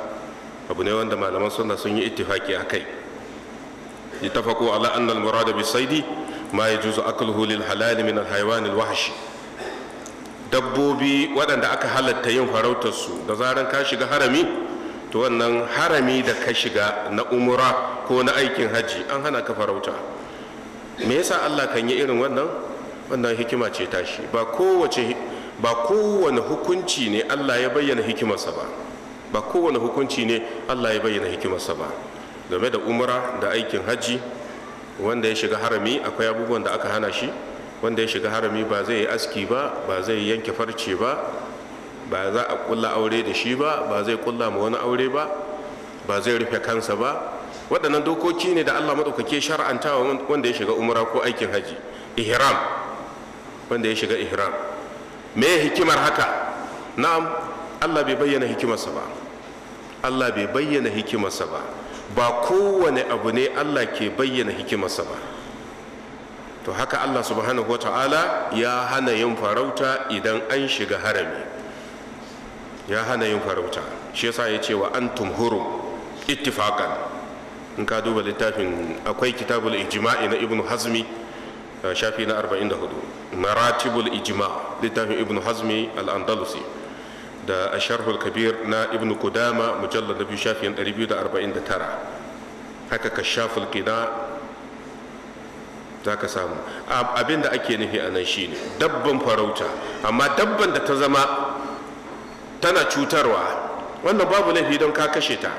A: abu ne wanda malaman suna sun yi ittifaki a kai اتفقوا a أن المراد بالصيد ما يجوز أكله للحلال من الحيوان wahshi dabbobi waɗanda aka halatta yin farautarsu da zaran ka shiga harami to wannan harami da ka shiga na umura ko na aikin hajji an hana ka farauta me yasa allah kan yi irin wannan wannan hikima ce tashi ba ba kowane hukunci ne allah ya bayyana hikimarsa ba ba kowane hukunci ne allah ya bayyana hikimarsa ba game da umura da aikin hajji wanda ya shiga harami akwai abubuwan da aka hana shi wanda ya shiga harami ba zai yi aski ba ba zai yanke farce ba ba za a kulla aure da shi ba ba zai kulla ma wani aure ba ba zai rufe kansa ba waɗannan dokoki ne da allah maɗaukake shar'anta wanda ya shiga umra ko aikin haji ihram wanda ya shiga ihram me hikimar haka na'am allah bai bayyana hikimarsa ba allah bai bayyana hikimarsa ba ba kowane abu ne allah ke bayyana hikimarsa ba to haka allah subhanahu wa ta'ala ya hana yin farauta idan an shiga harami ya hana yin farauta shi yasa ya ce wa an hurum ittifaqan in ka duba littafin akwai kitabul ijma'i na ibnu hazmi shafi na 44 maratibul ijma' littafin ibnu hazmi al-andalusi da asharhul kabir na ibn kudama mujallar da biyu shafiyan 249 haka kashaful kina za ka samu abin da ake nufi a nan shine dabban farauta amma dabban da ta zama tana cutarwa wannan babu laifi don ka kashe ta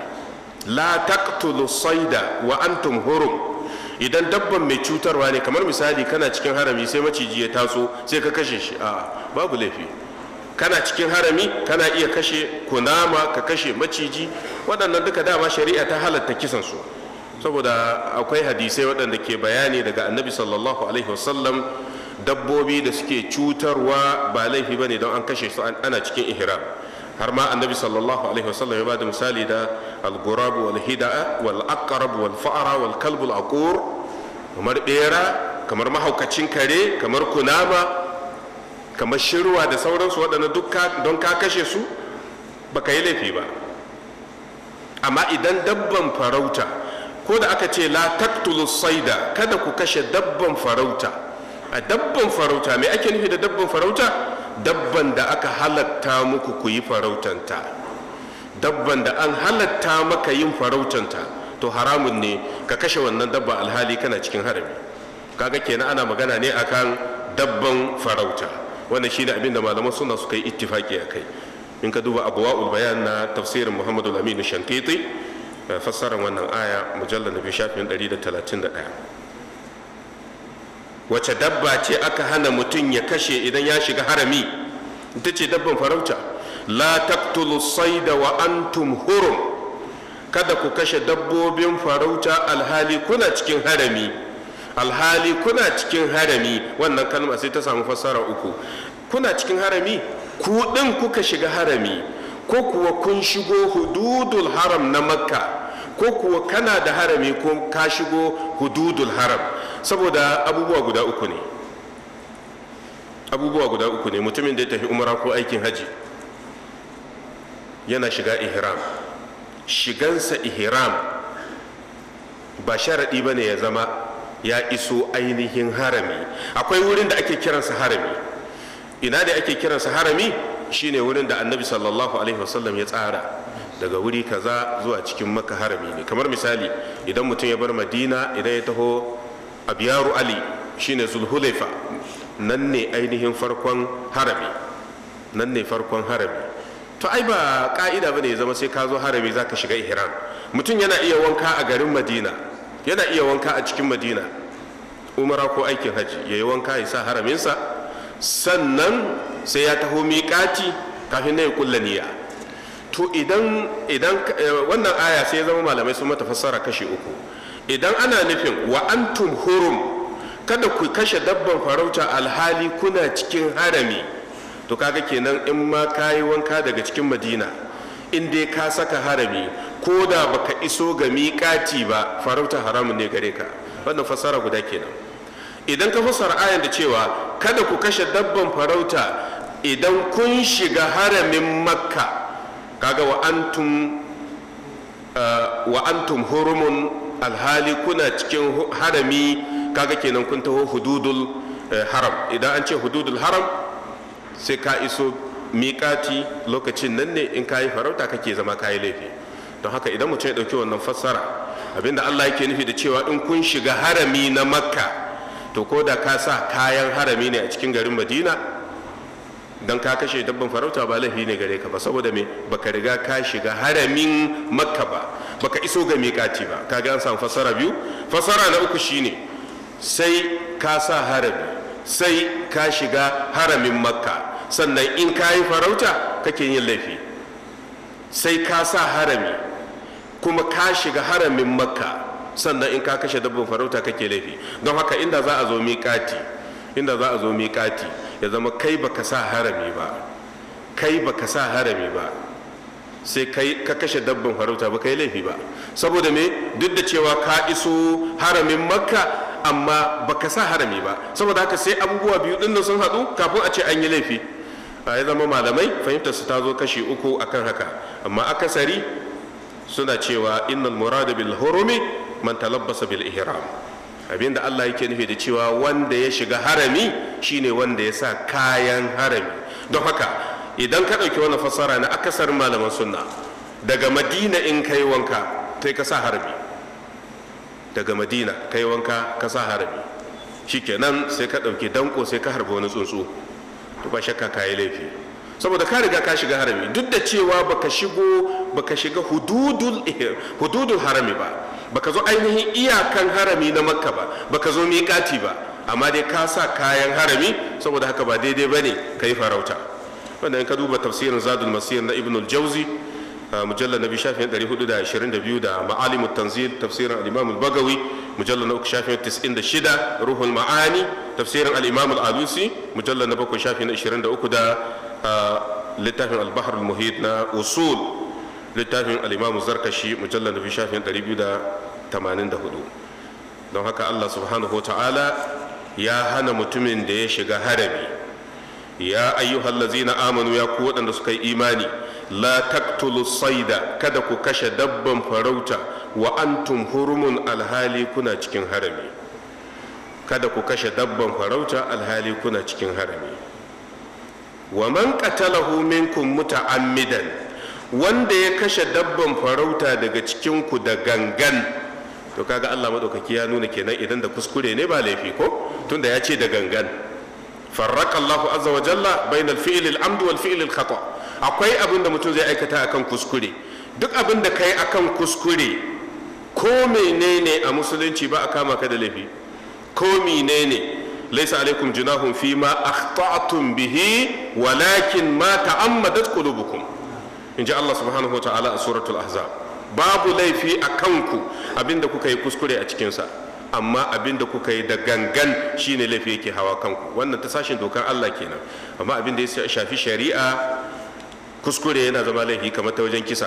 A: la taqtulu saida wa antum hurum idan dabban mai cutarwa ne kamar misali kana cikin harami sai maciji ya taso sai ka kashe shi a babu laifi kana cikin harami kana iya kashe kunama ka kashe maciji waɗannan duka dama shari'a ta halatta kisan su saboda akwai hadisai waɗanda ke bayani daga annabi sallallahu alaihi wasallam dabbobi da suke cutarwa ba laifi bane don an kashe su ana cikin ihram har ma annabi sallallahu alaihi wasallam ya bada misali da al-gurab wal hida'a wal aqrab wal fa'ra wal kalb al aqur kamar bera kamar mahaukacin kare kamar kunama kamar shirwa da sauransu waɗanda dukka don ka kashe su baka yi laifi ba amma idan dabban farauta ko da aka ce la taktulu saida kada ku kashe dabban farauta a dabban farauta mai ake nufi da dabban farauta dabban da aka halatta muku ku yi farautanta dabban da an halatta maka yin farautanta to haramun ne ka kashe wannan dabba alhali kana cikin harami kaga kenan ana magana ne akan dabban farauta wannan shine abin da malaman suna suka yi ittifaki kai, in ka duba abuwa'ul bayan na tafsirin muhammadu aminu shankiti Eh, fassarar wannan aya mujallar na bishafin da 131 wace dabba ce aka hana mutum ya kashe idan ya shiga harami ita ce dabban farauta la taqtulu saida wa antum hurum kada ku kashe dabbobin farauta alhali kuna cikin harami alhali kuna cikin harami wannan kalma sai ta samu fassara uku kuna cikin harami ku din kuka shiga harami ko kuwa kun shigo hududul haram na makka ko kuwa kana da harami ko ka shigo hududul haram saboda abubuwa guda uku ne abubuwa guda uku ne mutumin da ya tafi umara ko aikin haji yana shiga ihram shigansa ihram ba sharaɗi ba ne ya zama ya iso ainihin harami akwai wurin da ake kiransa harami ina da ake kiransa harami shine wurin da annabi sallallahu alaihi wasallam ya tsara daga wuri kaza zuwa cikin maka harami ne kamar misali idan mutum ya bar madina idan ya taho abiyaru ali shine zulhulaifa nan ne ainihin farkon harami nan ne farkon harami to ai ba ka'ida bane ya zama sai ka zo harami za ka shiga ihram mutum yana iya wanka a garin madina yana iya wanka a cikin madina umara ko aikin haji ya yi wanka ya sa haraminsa sannan sai ya taho miƙati kafin na ya kulla niyya to idan idan eh, wannan aya sai ya zama malamai sun mata fassara kashe uku idan ana nufin wa antum hurum kada ku kashe dabban farauta alhali kuna cikin harami to kaga kenan in ma kayi wanka daga cikin madina in dai ka saka harami ko da baka iso ga miƙati ba farauta haramun ne gare ka wannan fassara guda kenan idan ka fassara ayan da cewa kada ku kashe dabban farauta idan kun shiga haramin makka kaga wa antum uh, hurumun alhali kuna cikin harami kaga kenan kun taho hududul eh, haram idan an ce hududul haram sai ka iso miƙati lokacin nan ne in kayi farauta kake zama kayi laifi don haka idan mutum ya ɗauki wannan fassara abinda allah yake nufi da cewa in kun shiga harami na makka to ko da ka sa kayan harami ne a cikin garin madina don ka kashe dabban farauta ba laifi ne gare ka ba saboda me baka riga ka shiga haramin makka ba baka iso ga miƙati ba ka ga san fasara biyu fasara na uku shine sai ka sa harami sai ka shiga haramin makka sannan in ka yi farauta kake yin laifi sai ka sa harami kuma ka shiga haramin makka sannan in ka kashe dabban farauta kake laifi don haka inda za a zo miƙati inda za a zo miƙati ya zama kai baka sa harami ba kai baka sa harami ba sai kai ka kashe dabban farauta ba kai laifi ba saboda me duk da cewa ka iso haramin makka amma baka sa harami ba saboda haka sai abubuwa biyu din sun haɗu kafin a ce an yi laifi a ya zama malamai fahimtar su ta zo kashi uku akan haka amma akasari suna cewa innal murada bil hurumi man talabbasa bil ihram abinda Allah yake nufi da cewa wanda ya shiga harami shine wanda ya sa kayan harami don haka idan ka ɗauki wani fassara na akasar malaman sunna daga madina in ka yi wanka kai ka sa harami daga madina ka yi wanka ka sa harami shikenan sai ka ɗauki danko sai ka harbi wani tsuntsu to ba shakka ka yi laifi saboda ka riga ka shiga harami duk da cewa baka shigo baka shiga eh, hududul harami ba baka zo ainihin iyakan harami na makka ba baka zo miƙati ba amma dai ka sa kayan harami saboda haka ba daidai ba ne ka yi farauta wanda in ka duba tafsirin zadul masir na ibn Jawzi mujallar na biyu shafin 422 da ma'alimu tanzil tafsirin al'imam bagawi mujallar na uku shafin 96 ruhul ma'ani tafsirin al'imam Alusi mujallar na bakwai shafin 23 da littafin al-bahr al-muhit na usul littafin al'imamu zarkashi mujallar nufi shafin 284 don haka allah subhanahu wa ta'ala ya hana mutumin da ya shiga harami ya na amanu ya ku waɗanda suka yi imani la taktulu saida kada ku kashe dabban farauta wa antum hurumun alhali kuna cikin harami kada ku kashe dabban farauta alhali kuna cikin harami wa man qatalahu minkum muta'ammidan wanda ya kashe dabban farauta daga cikin ku da gangan to kaga Allah maɗaukaki ya nuna kenan idan da kuskure ne ba laifi ko tunda ya ce da gangan farraka Allah azza wa jalla bain al-fi'l al-amd wal fi'l al-khata akwai abin da mutum zai aikata akan kuskure duk abin da kai akan kuskure ko menene a musulunci ba a kama ka da laifi ko menene laysa alaikum junahun fi ma akhta'tum bihi walakin ma ta'ammadat qulubukum in ji Allah subhanahu wa ta'ala a suratul ahzab babu laifi a kanku abinda kuka yi kuskure a cikinsa amma abinda kuka yi da gangan shine laifi yake hawa kanku wannan ta sashin dokar Allah kenan amma abinda ya shafi shari'a kuskure yana zama laifi kamar ta wajen kisa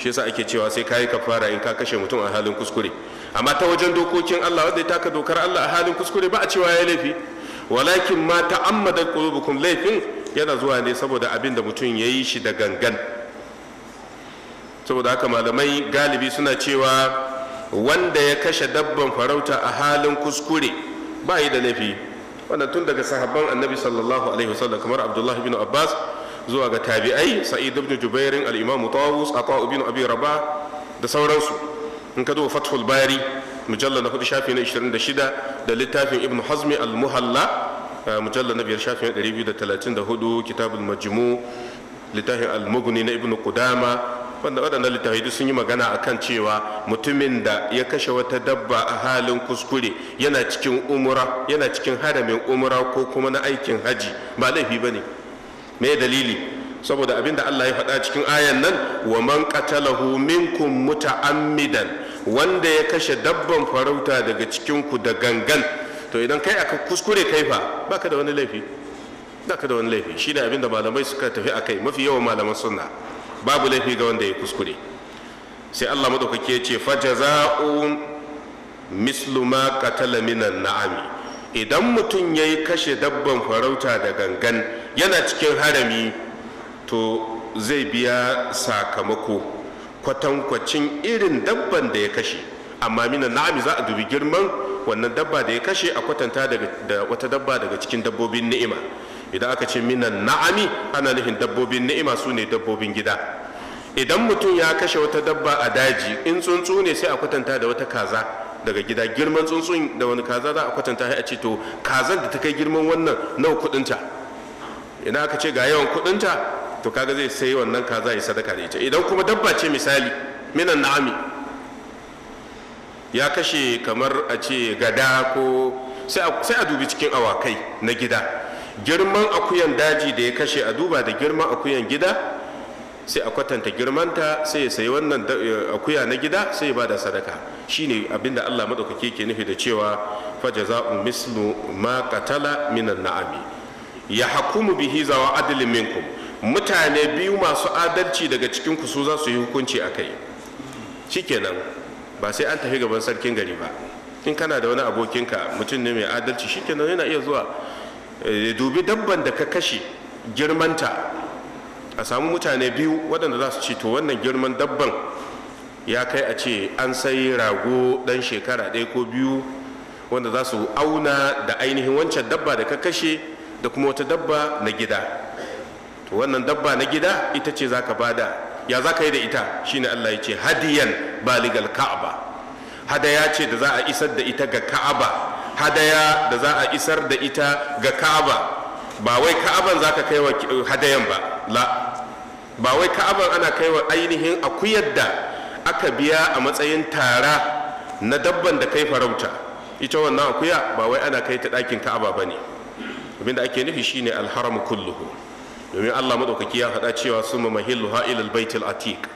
A: shi yasa ake cewa sai kayi kafara in ka kashe mutum a halin kuskure amma ta wajen dokokin Allah wanda ya taka dokar Allah a halin kuskure ba a cewa ya laifi walakin ma ta'ammada qulubukum laifin yana zuwa ne saboda abinda da mutum yayi shi da gangan saboda haka malamai galibi suna cewa wanda ya kashe dabban farauta a halin kuskure ba yi da laifi wannan tun daga sahabban annabi sallallahu alaihi wasallam kamar abdullahi bin abbas zuwa ga tabi'ai sa'id ibn jubairin al-imam tawus ata ibn abi rabah da sauransu in ka duba fathul bari mujalla na hudu shafi na 26 da littafin ibn hazmi al-muhalla eh, mujalla na biyar shafi na 234 kitabul majmu littafin al-mughni na ibn qudama wanda waɗannan littafai sun yi magana a kan cewa mutumin da ya kashe wata dabba a halin kuskure yana cikin umura yana cikin haramin umura ko kuma na aikin haji ba laifi ba ne me dalili saboda abinda Allah ya faɗa cikin ayan nan wa man qatalahu minkum muta'ammidan wanda ya kashe dabban farauta daga cikin ku da gangan to idan kai aka kuskure kai fa baka da wani laifi baka da wani laifi shine abinda malamai suka tafi akai mafi yawan malaman sunna babu laifi ga wanda ya kuskure sai Allah madaukake ya ce fajaza'u mislu ma qatala minan na'ami idan mutum ya yi kashe dabban farauta da gangan yana cikin harami to zai biya sakamako kwatankwacin irin dabban da ya kashe amma minan na'ami za a dubi girman wannan dabba da ya kashe a kwatanta da wata dabba daga cikin dabbobin ni'ima idan aka ce minan na'ami ana nufin dabbobin ni'ima su ne dabbobin gida idan mutum ya kashe wata dabba a daji in tsuntsu ne sai a kwatanta da wata kaza daga gida girman tsuntsun da wani kaza za a kwatanta a ce to kazan da ta kai girman wannan nawa kudinta idan aka ce ga yawan kudinta to kaga zai sai wannan kaza ya sadaka da ita idan kuma dabba ce misali minan na'ami ya kashe kamar a ce gada ko sai a dubi cikin awakai na gida girman akuyan daji da ya kashe a duba da girman akuyan gida sai a kwatanta girmanta sai ya sayi wannan eh, akuya na gida sai ya bada sadaka shine abinda Allah madaukake ke nufi da cewa fa jaza'u mislu ma qatala minan na'ami ya hakumu bihi zawa adlin minkum mutane biyu masu adalci daga cikin ku su za su yi hukunci akai shikenan ba sai an tafi gaban sarkin gari ba in kana da wani abokinka mutum ne mai adalci shikenan yana iya zuwa Eh, dubi dabban da ka kashe girmanta a samu mutane biyu waɗanda za su ce to wannan girman dabban ya kai a ce an sai rago ɗan shekara ɗaya ko biyu wanda za su auna da ainihin wancan dabba da ka kashe da kuma wata dabba na gida to wannan dabba na gida ita ce za ka bada ya za ka yi da ita shine allah ya ce hadiyan baligal ka'aba hadaya ce da za a isar da ita ga ka'aba hadaya da za a isar da ita ga ka'aba ba wai ka'aban za ka kai wa hadayan ba la ba wai ka'aban ana kai wa ainihin akuyar da aka biya a matsayin tara na dabban da kai farauta ita wannan akuya ba wai ana kai ta ɗakin ka'aba ba ne abinda ake nufi shine Alharam kulluhu domin allah maɗaukaki ya haɗa cewa su mahilluha ha'ilal baitul atiq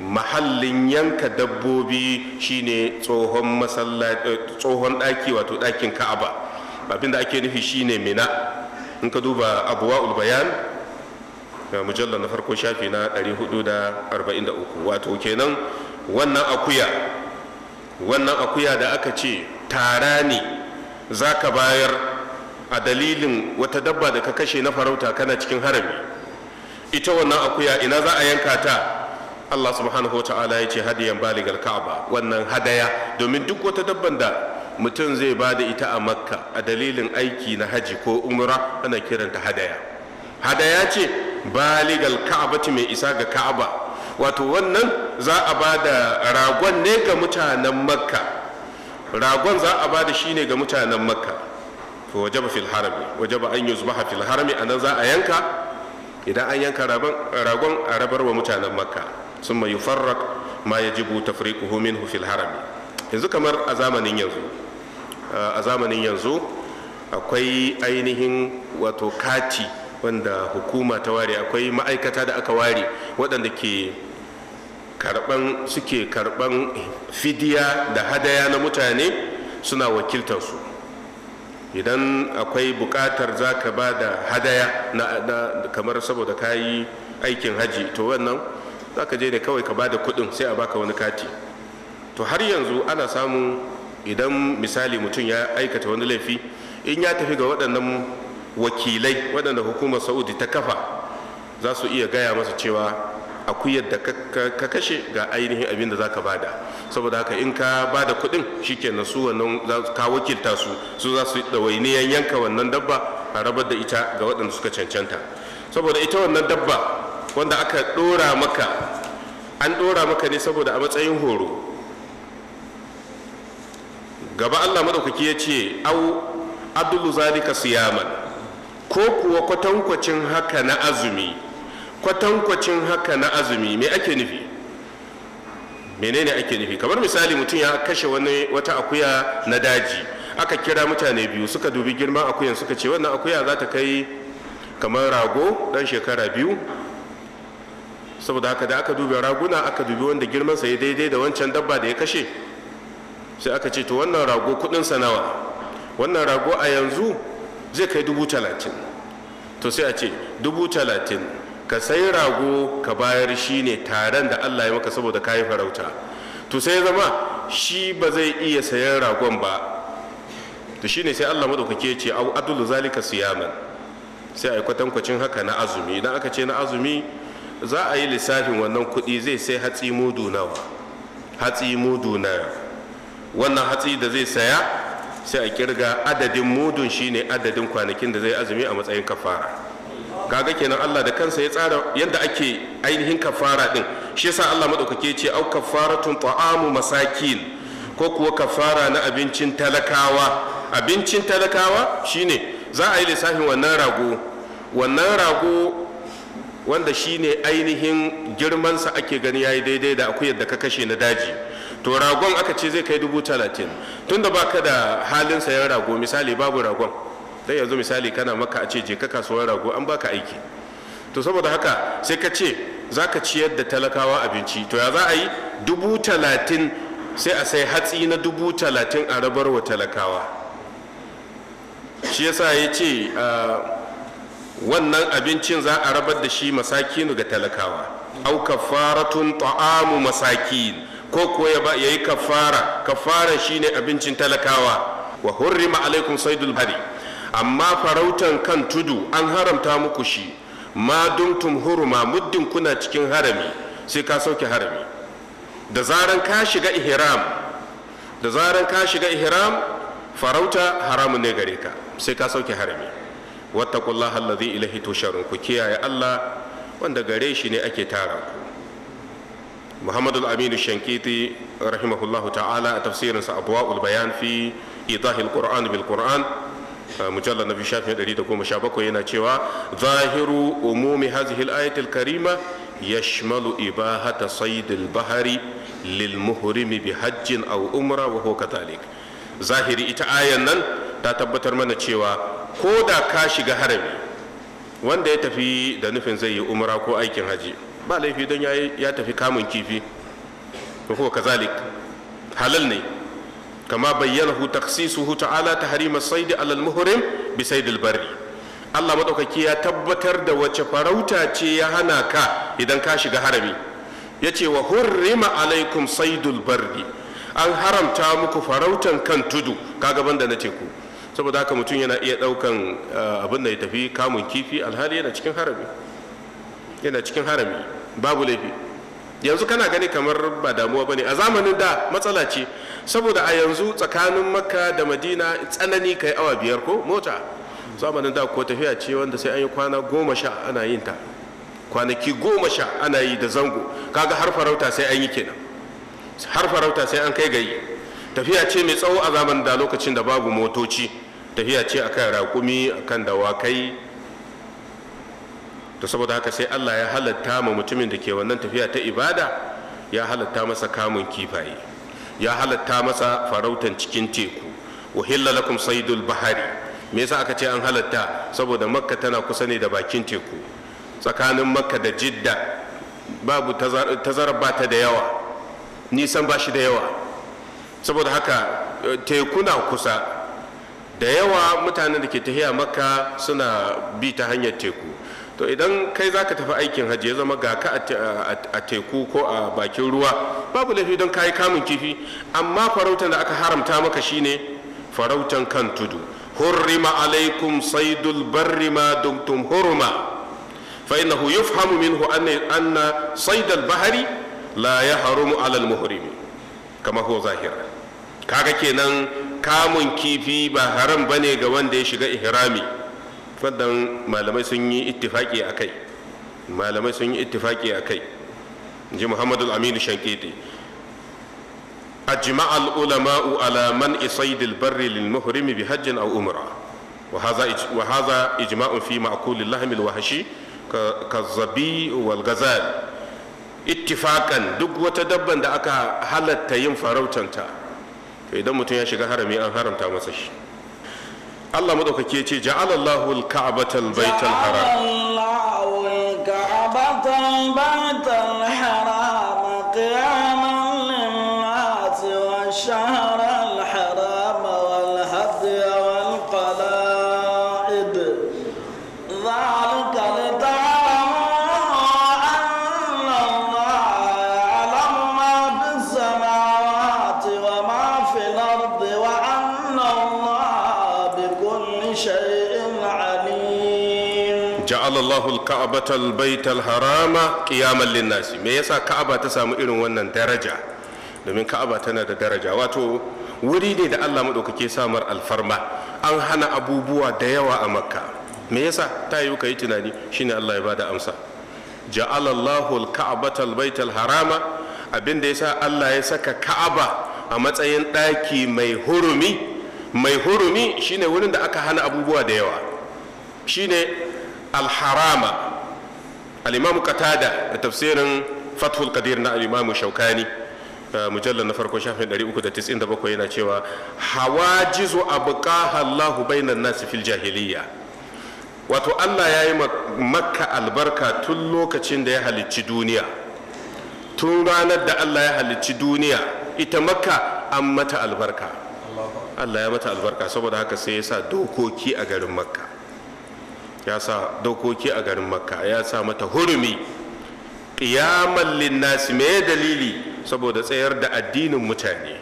A: mahallin yanka dabbobi shine tsohon eh, tsohon ɗaki wato ɗakin ka'aba abinda ake nufi shine mina in ka duba abuwa bayan eh, mujallar na farko shafi na 443 wato kenan wannan akuya wannan akuya da aka ce tara ne za ka bayar a dalilin wata dabba da ka kashe na farauta kana cikin harami ita wannan akuya ina za a yanka ta Allah subhanahu ta'ala ya ce hadiyan baligar ka'aba wannan hadaya domin duk wata dabban da mutum zai ba da ita a makka a dalilin aiki na haji ko umra ana kiranta hadaya hadaya ce baligal ka'aba mai isa ga ka'aba wato wannan za a ba ragon ne ga mutanen makka ragon za a ba da shi ne ga mutanen makka fa wajaba fil harami wajaba an yuzbaha fil harami anan za a yanka idan an yanka ragon a rabar wa mutanen makka sun mai yufarrak ma ya jibu ta min hufil harami yanzu kamar a zamanin yanzu a zamanin yanzu akwai ainihin wato kati wanda hukuma ta ware akwai ma'aikata da aka ware waɗanda ke karban suke karban fidiya da hadaya na mutane suna wakiltarsu idan akwai bukatar za ka ba da hadaya na kamar saboda kayi aikin haji to wannan za ka je ne kawai ka bada kuɗin sai a baka wani kati to har yanzu ana samun idan misali mutum ya aikata wani laifi in ya tafi ga waɗannan wakilai waɗanda hukumar saudi ta kafa za su iya gaya masa cewa a akuyar da ka kashe ga ainihin abin da za ka bada saboda haka in ka bada kuɗin shikenan su wannan ka wakilta su su za su ɗawainiyan yanka wannan dabba a rabar da ita ga waɗanda suka cancanta saboda ita wannan dabba wanda aka ɗora maka an ɗora maka ne saboda a matsayin horo gaba allah maɗaukaki ya ce au abdullu zalika siyaman ko kuwa kwatankwacin haka na azumi kwatankwacin haka na azumi me ake nufi menene ake nufi kamar misali mutum ya kashe wani wata akuya na daji aka kira mutane biyu suka dubi girman akuyan suka ce wannan akuya za ta kai kamar rago dan shekara biyu saboda haka da aka dubi raguna aka dubi wanda girmansa sa ya daidai da wancan dabba da ya kashe sai aka ce to wannan rago kudin sa nawa wannan rago a yanzu zai kai dubu talatin to sai a ce dubu talatin ka sai rago ka bayar shi ne taron da allah ya maka saboda kayi farauta to sai zama shi ba zai iya sayan ragon ba to shine sai allah maɗaukaki ya ce au zalika siyaman sai a yi kwatankwacin haka na azumi idan aka ce na azumi za a yi lissafin wannan kuɗi zai sai hatsi mudu nawa hatsi mudu nawa wannan hatsi da zai saya sai a kirga adadin mudun shine adadin kwanakin da zai azumi a matsayin kafara gaga kenan Allah da kansa ya tsara yadda ake ainihin kafara din shi yasa Allah madaukake ce au kafaratun ta'amu masakin ko kuwa kafara na abincin talakawa abincin talakawa shine za a yi lissafin wannan rago wannan rago wanda shine ainihin girmansa ake gani ya yi daidai da akuyar da ka kashe na daji to ragon aka ce zai kai dubu talatin tunda baka da halin sayan rago misali babu ragon dai yanzu misali kana maka a ce je ka kasuwar rago an baka aiki to saboda haka sai ka ce za ka ciyar da talakawa abinci to ya za a yi dubu talatin sai a sai hatsi na dubu talatin a rabarwa talakawa shi yasa ya ce ah, wannan abincin za a rabar da shi masakinu ga talakawa au kafaratun ta'amu masakin ko ko ya yi kafara kafara shine abincin talakawa wa hurrima alaikum saydul bari amma farautan kan tudu an haramta muku shi ma dumtum huruma muddin kuna cikin harami sai ka sauke harami da zaran ka shiga ihram da zaran ka shiga ihram farauta haramun ne gare ka sai ka sauke harami wattaqullaha allazi ilahi tusharun ku kiyaye Allah wanda gare shi ne ake tara ku Muhammadu Aminu Shankiti rahimahullahu ta'ala a tafsirin sa Abwaul Bayan fi idahil Qur'an bil Qur'an mujallar na shafi 117 yana cewa zahiru umumi hadhihi ayatul karima yashmalu ibahata sayd al-bahri lil muhrimi bi hajjin aw umra wa huwa kadhalik zahiri ita ayan nan ta tabbatar mana cewa ko da ka shiga harami wanda ya tafi da nufin zai yi umura ko aikin haji ba laifi don ya tafi kamun kifi ko kazalik halal ne kama bayyana taksisuhu ta'ala ta harima saidi alal muhrim bi saidil barri Allah madaukaki ya tabbatar da wace farauta ce ya hana ka idan ka shiga harami ya ce wa hurrima alaikum saidul barri an haramta muku farautan kan tudu kaga banda na teku saboda haka mutum yana iya ɗaukan eh, abin da ya tafi kamun kifi alhali yana cikin harami yana cikin harami babu laifi yanzu kana gani kamar ba damuwa bane a zamanin da matsala ce saboda a yanzu tsakanin makka da madina tsanani kai awa biyar ko mota zamanin da ko tafiya ce wanda sai an yi kwana goma sha ana yin ta kwanaki goma sha ana yi da zango kaga har farauta sai an yi kenan har farauta sai an kai gayi tafiya ce mai tsawo a zamanin da lokacin da babu motoci Tafiya ce a akan raƙumi kan dawakai to saboda haka sai Allah ya halatta ma mutumin da ke wannan tafiya ta ibada ya halatta masa kamun kifaye ya halatta masa farautan cikin teku uhilla lakum saydul bahari me yasa aka ce an halatta saboda makka tana kusa ne da bakin teku tsakanin makka da jidda babu tazarar ba ta da yawa nisan ba shi da yawa saboda haka eh, tekuna kusa da yawa mutanen da ke tafiya makka suna bi ta hanyar teku to idan kai za ka tafi aikin hajji ya zama ga ka a teku ko a bakin ruwa babu laifi don kayi kamun kifi amma farautan da aka haramta maka shine farautan kan tudu hurrima alaikum saidul barri ma dumtum hurma fa innahu yufhamu minhu anna saidal bahari la yahrumu alal muhrimi kama huwa zahira kaga kenan kamun kifi ba haram ba ne ga wanda ya shiga ihrami fadan malamai sun yi ittifaki a kai malamai sun yi ittifaki a kai ji muhammadu aminu shankiti أجمع العلماء على منع صيد البر للمحرم بحج أو عمرة وهذا وهذا إجماع al wahshi Ka zabi wal gazal ittifakan duk wata dabban da aka halatta yin farautanta to idan mutum ya shiga harami an haramta masa shi Allah madaukake ce ja'alallahu al-ka'batal baital haram
B: Allahu al-ka'batal baital haram
A: ka'abatal baital harama qiyaman linnasi me yasa ka'aba ta samu irin wannan daraja domin ka'aba tana da daraja wato wuri ne da Allah madaukake samar alfarma an hana abubuwa da yawa a makka me yasa ta yi ka yi tunani shine Allah ya bada amsa ja'ala Allahu al-ka'batal baital harama abinda yasa Allah ya saka ka'aba a matsayin ɗaki mai hurumi mai hurumi shine wurin da aka hana abubuwa da yawa shine alharama al'imamu katada da tafsirin fathul kadir na al'imamu shaukani eh, mujallar na farko shafin 397 yana cewa hawa hawajizu abqaha Allahu bainan nasu fil jahiliya wato Allah ya yi makka albarka tun lokacin da ya halicci duniya tun ranar da Allah ya halicci duniya ita makka an mata albarka Allah ya mata albarka saboda haka sai ya sa dokoki a garin makka ya sa dokoki a garin makka ya sa mata hurumi ƙiyamar linnasi me dalili saboda tsayar da addinin mutane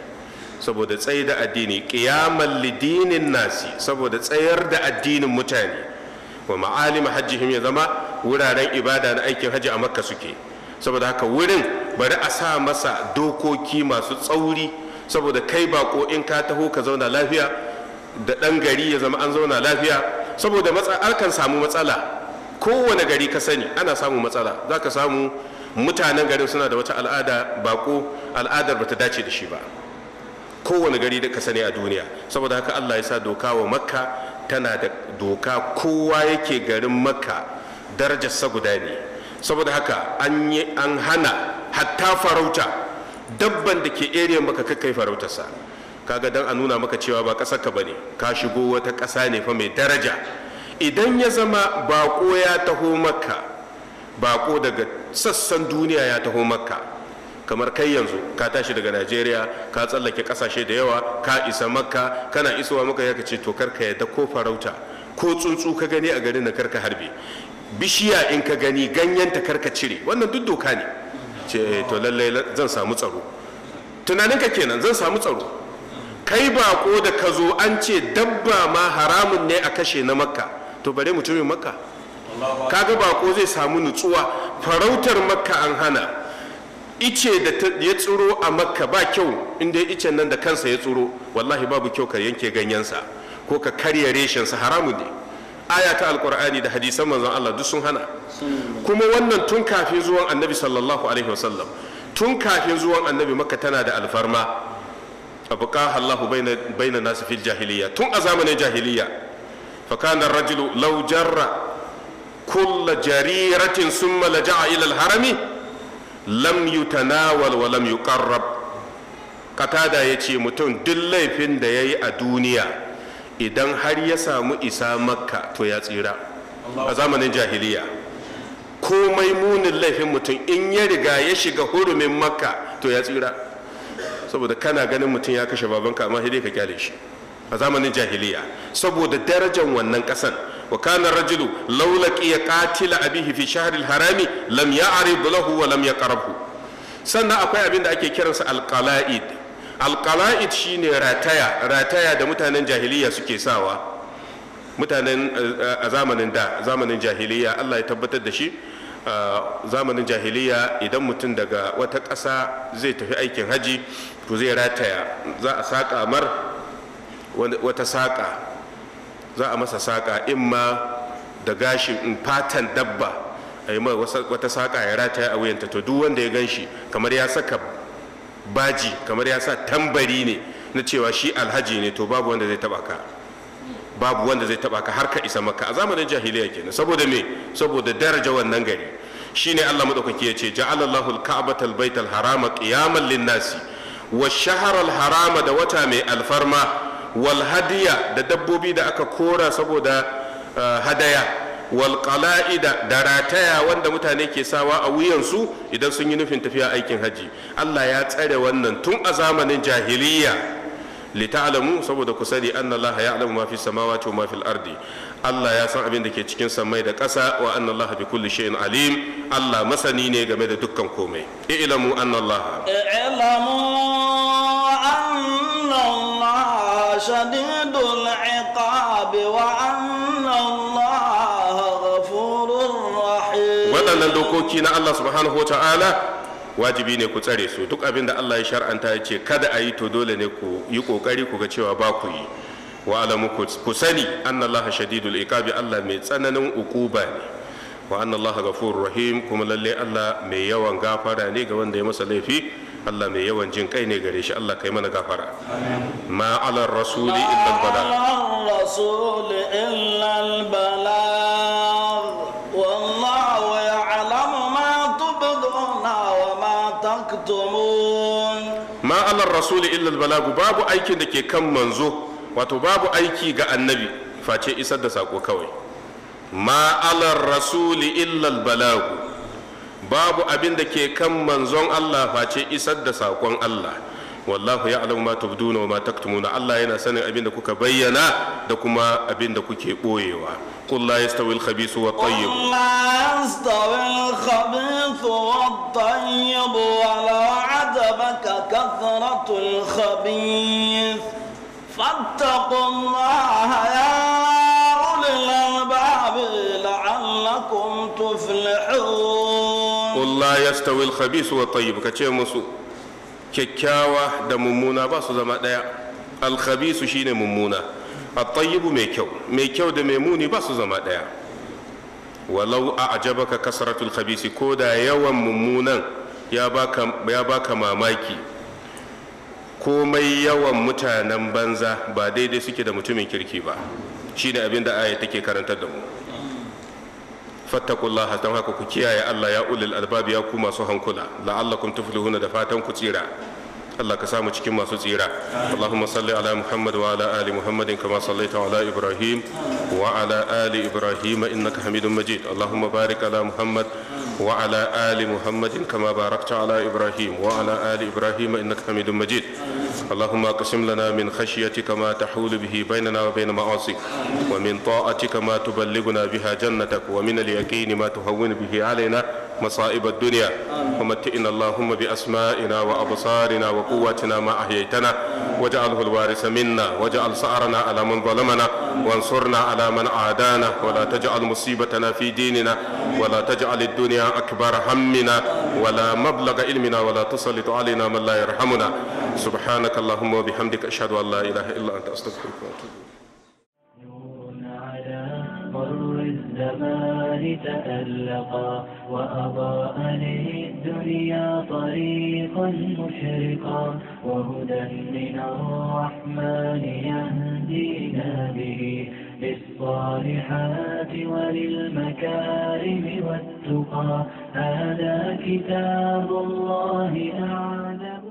A: saboda tsayi da addini ƙiyaman lidinin nasi saboda tsayar da addinin mutane wa ma'alim hajjihim ya zama wuraren ibada na aikin haji a makka suke saboda haka wurin bari a sa masa dokoki masu tsauri saboda kai bako in ka taho ka zauna lafiya da ɗan gari ya zama an zauna lafiya saboda akan samu matsala kowane gari ka sani ana samu matsala za ka samu mutanen garin suna da wata al'ada bako al'adar ba ta dace da shi ba kowane gari da ka sani a duniya saboda haka allah ya sa doka wa makka tana da doka kowa yake garin makka darajarsa guda ne saboda haka an hana hatta farauta dabban da ke area maka kakkai farautarsa kaga dan a nuna maka cewa ba kasar ka bane ka shigo wata ƙasa ne fa mai daraja idan ya zama baƙo ya taho maka baƙo daga sassan duniya ya taho maka kamar kai yanzu ka tashi daga najeriya ka tsallake ƙasashe da yawa ka isa maka kana isowa maka ya ce to karka yadda ko farauta ko tsuntsu ka gani a garin na karka harbe bishiya in ka gani ganyenta karka cire wannan duk doka ne ce eh, to lallai zan samu tsaro tunaninka kenan zan samu tsaro kai bako da ka zo an ce dabba ma haramun ne a kashe na makka to bare mutumin makka kaga bako zai samu nutsuwa farautar makka an hana ice da ya tsiro a makka ba kyau inda icen nan da kansa ya tsiro wallahi babu kyau ka yanke ganyensa ko ka karya reshensa haramu ne aya ta alkur'ani da hadisan manzon Allah duk sun hana kuma wannan tun kafin zuwan annabi sallallahu alaihi wasallam tun kafin zuwan annabi makka tana da alfarma abuka Allahu baina nasu fil jahiliya tun a zamanin jahiliya fa kana rajulu law jarra kulla jariratin summa laja'a ila al-harami lam yutanawal wa lam yuqarrab katada yace mutum duk laifin da yayi a duniya idan har ya samu isa makka to ya tsira a zamanin jahiliya komai munin laifin mutum in ya riga ya shiga hurumin makka to ya tsira saboda kana ganin mutum ya kashe babanka amma hidai ka kyale shi a zamanin jahiliya saboda darajar wannan kasan wa kana rajulu laula ya qatila abihi fi shahril harami lam ya'rid lahu wa lam yaqrabu sannan akwai abin da ake kiransa Alkala'id alqalaid shine rataya rataya da mutanen jahiliya suke sawa mutanen eh, eh, a zamanin da zamanin jahiliya Allah ya tabbatar da shi zamanin jahiliya idan mutum daga wata ƙasa zai tafi aikin haji to zai rataya za a saƙa mar wata saƙa za a masa saƙa in ma da gashin fatan dabba a yi wata saƙa ya rataya a wuyanta to duk wanda ya gan shi kamar ya saka baji kamar ya sa tambari ne na cewa shi alhaji ne to babu wanda zai taba ka babu wanda zai taba ka har ka isa maka a zamanin jahiliya kenan saboda me saboda daraja wannan gari shine Allah madaukaki yace ce, al-ka'batal baital harama qiyaman lin-nasi wa shaharar harama da wata mai alfarma wal hadiya da dabbobi da aka kora saboda eh, hadaya wal qala'ida da rataya wanda mutane ke sawa a wuyansu idan sun yi nufin tafiya aikin haji Allah ya tsare wannan tun a zamanin jahiliya lita'lamu saboda ku sani anna allaha ya'lamu ma fi samawati wa ma fil ardi Allah ya san abin da ke cikin samai da ƙasa wa anna allaha bi kulli shay'in alim Allah masani ne game da dukkan komai i'lamu anna allaha
B: i'lamu anna shadidul iqabi wa ghafurur rahim
A: dokoki na Allah subhanahu wa ta'ala wajibi ne ku tsare su duk abin da Allah ya shar'anta ya ce kada a yi to dole ne ku yi kokari ku ga cewa ba ku yi wa alamu ku sani annallaha shadidul iqabi Allah mai tsananin ukuba ne wa annallaha ghafurur rahim kuma lalle Allah mai yawan gafara ne ga wanda ya masa laifi Allah mai yawan jin kai ne gare shi Allah kai mana gafara ma ala rasuli illa
B: al bala taktumun
A: ma alar rasuli illa balagu babu aikin da ke kan manzo wato babu aiki ga annabi face isar da sako kawai ma alar rasuli illa balagu babu abin da ke kan manzon Allah face isar da sakon Allah والله يعلم ما تبدون وما تكتمون الله ينا سنة أبين دكوك بينا دكما أبين دكوك بويوا قل لا يستوي الخبيث والطيب
B: قل لا يستوي الخبيث والطيب ولا عجبك كثرة الخبيث فاتقوا الله يا أولي الألباب لعلكم تفلحون
A: قل لا يستوي الخبيث والطيب كتير مسؤول kyakkyawa da mummuna ba su zama ɗaya alkhabisu shine mummuna a tayyibu mai kyau mai kyau da mai muni ba su zama ɗaya walau a a'jabaka kasratul khabisi ko da yawan mummunan ya baka ya baka mamaki komai yawan mutanen banza ba daidai suke da mutumin kirki ba shine abin da aya take karantar da mu fattakullaha don haka ku kiyaye Allah ya ulil albab ya ku masu hankula la'allakum tuflihuna da fatan ku tsira Allah ka samu cikin masu tsira Allahumma salli ala Muhammad wa ala ali Muhammadin kama sallaita ala Ibrahim wa ala ali Ibrahim innaka Hamidum Majid Allahumma barik ala Muhammad wa ala ali Muhammadin kama barakta ala Ibrahim wa ala ali Ibrahim innaka Hamidum Majid اللهم اقسم لنا من خشيتك ما تحول به بيننا وبين معاصيك ومن طاعتك ما تبلغنا بها جنتك ومن اليقين ما تهون bihi علينا مصائب الدنيا ومتئنا اللهم بأسمائنا وأبصارنا وقواتنا ما أحييتنا واجعله الوارث منا واجعل سعرنا على من ظلمنا وانصرنا على من عادانا ولا تجعل مصيبتنا في ديننا ولا تجعل الدنيا أكبر همنا ولا مبلغ علمنا ولا تسلط علينا من لا يرحمنا سبحانك اللهم وبحمدك أشهد أن لا إله إلا أنت أستغفرك وأتوب
B: إليك الله تألقا وأضاء له الدنيا طريقا مشرقا وهدى من الرحمن يهدينا به للصالحات وللمكارم والتقى
A: هذا كتاب الله أعلم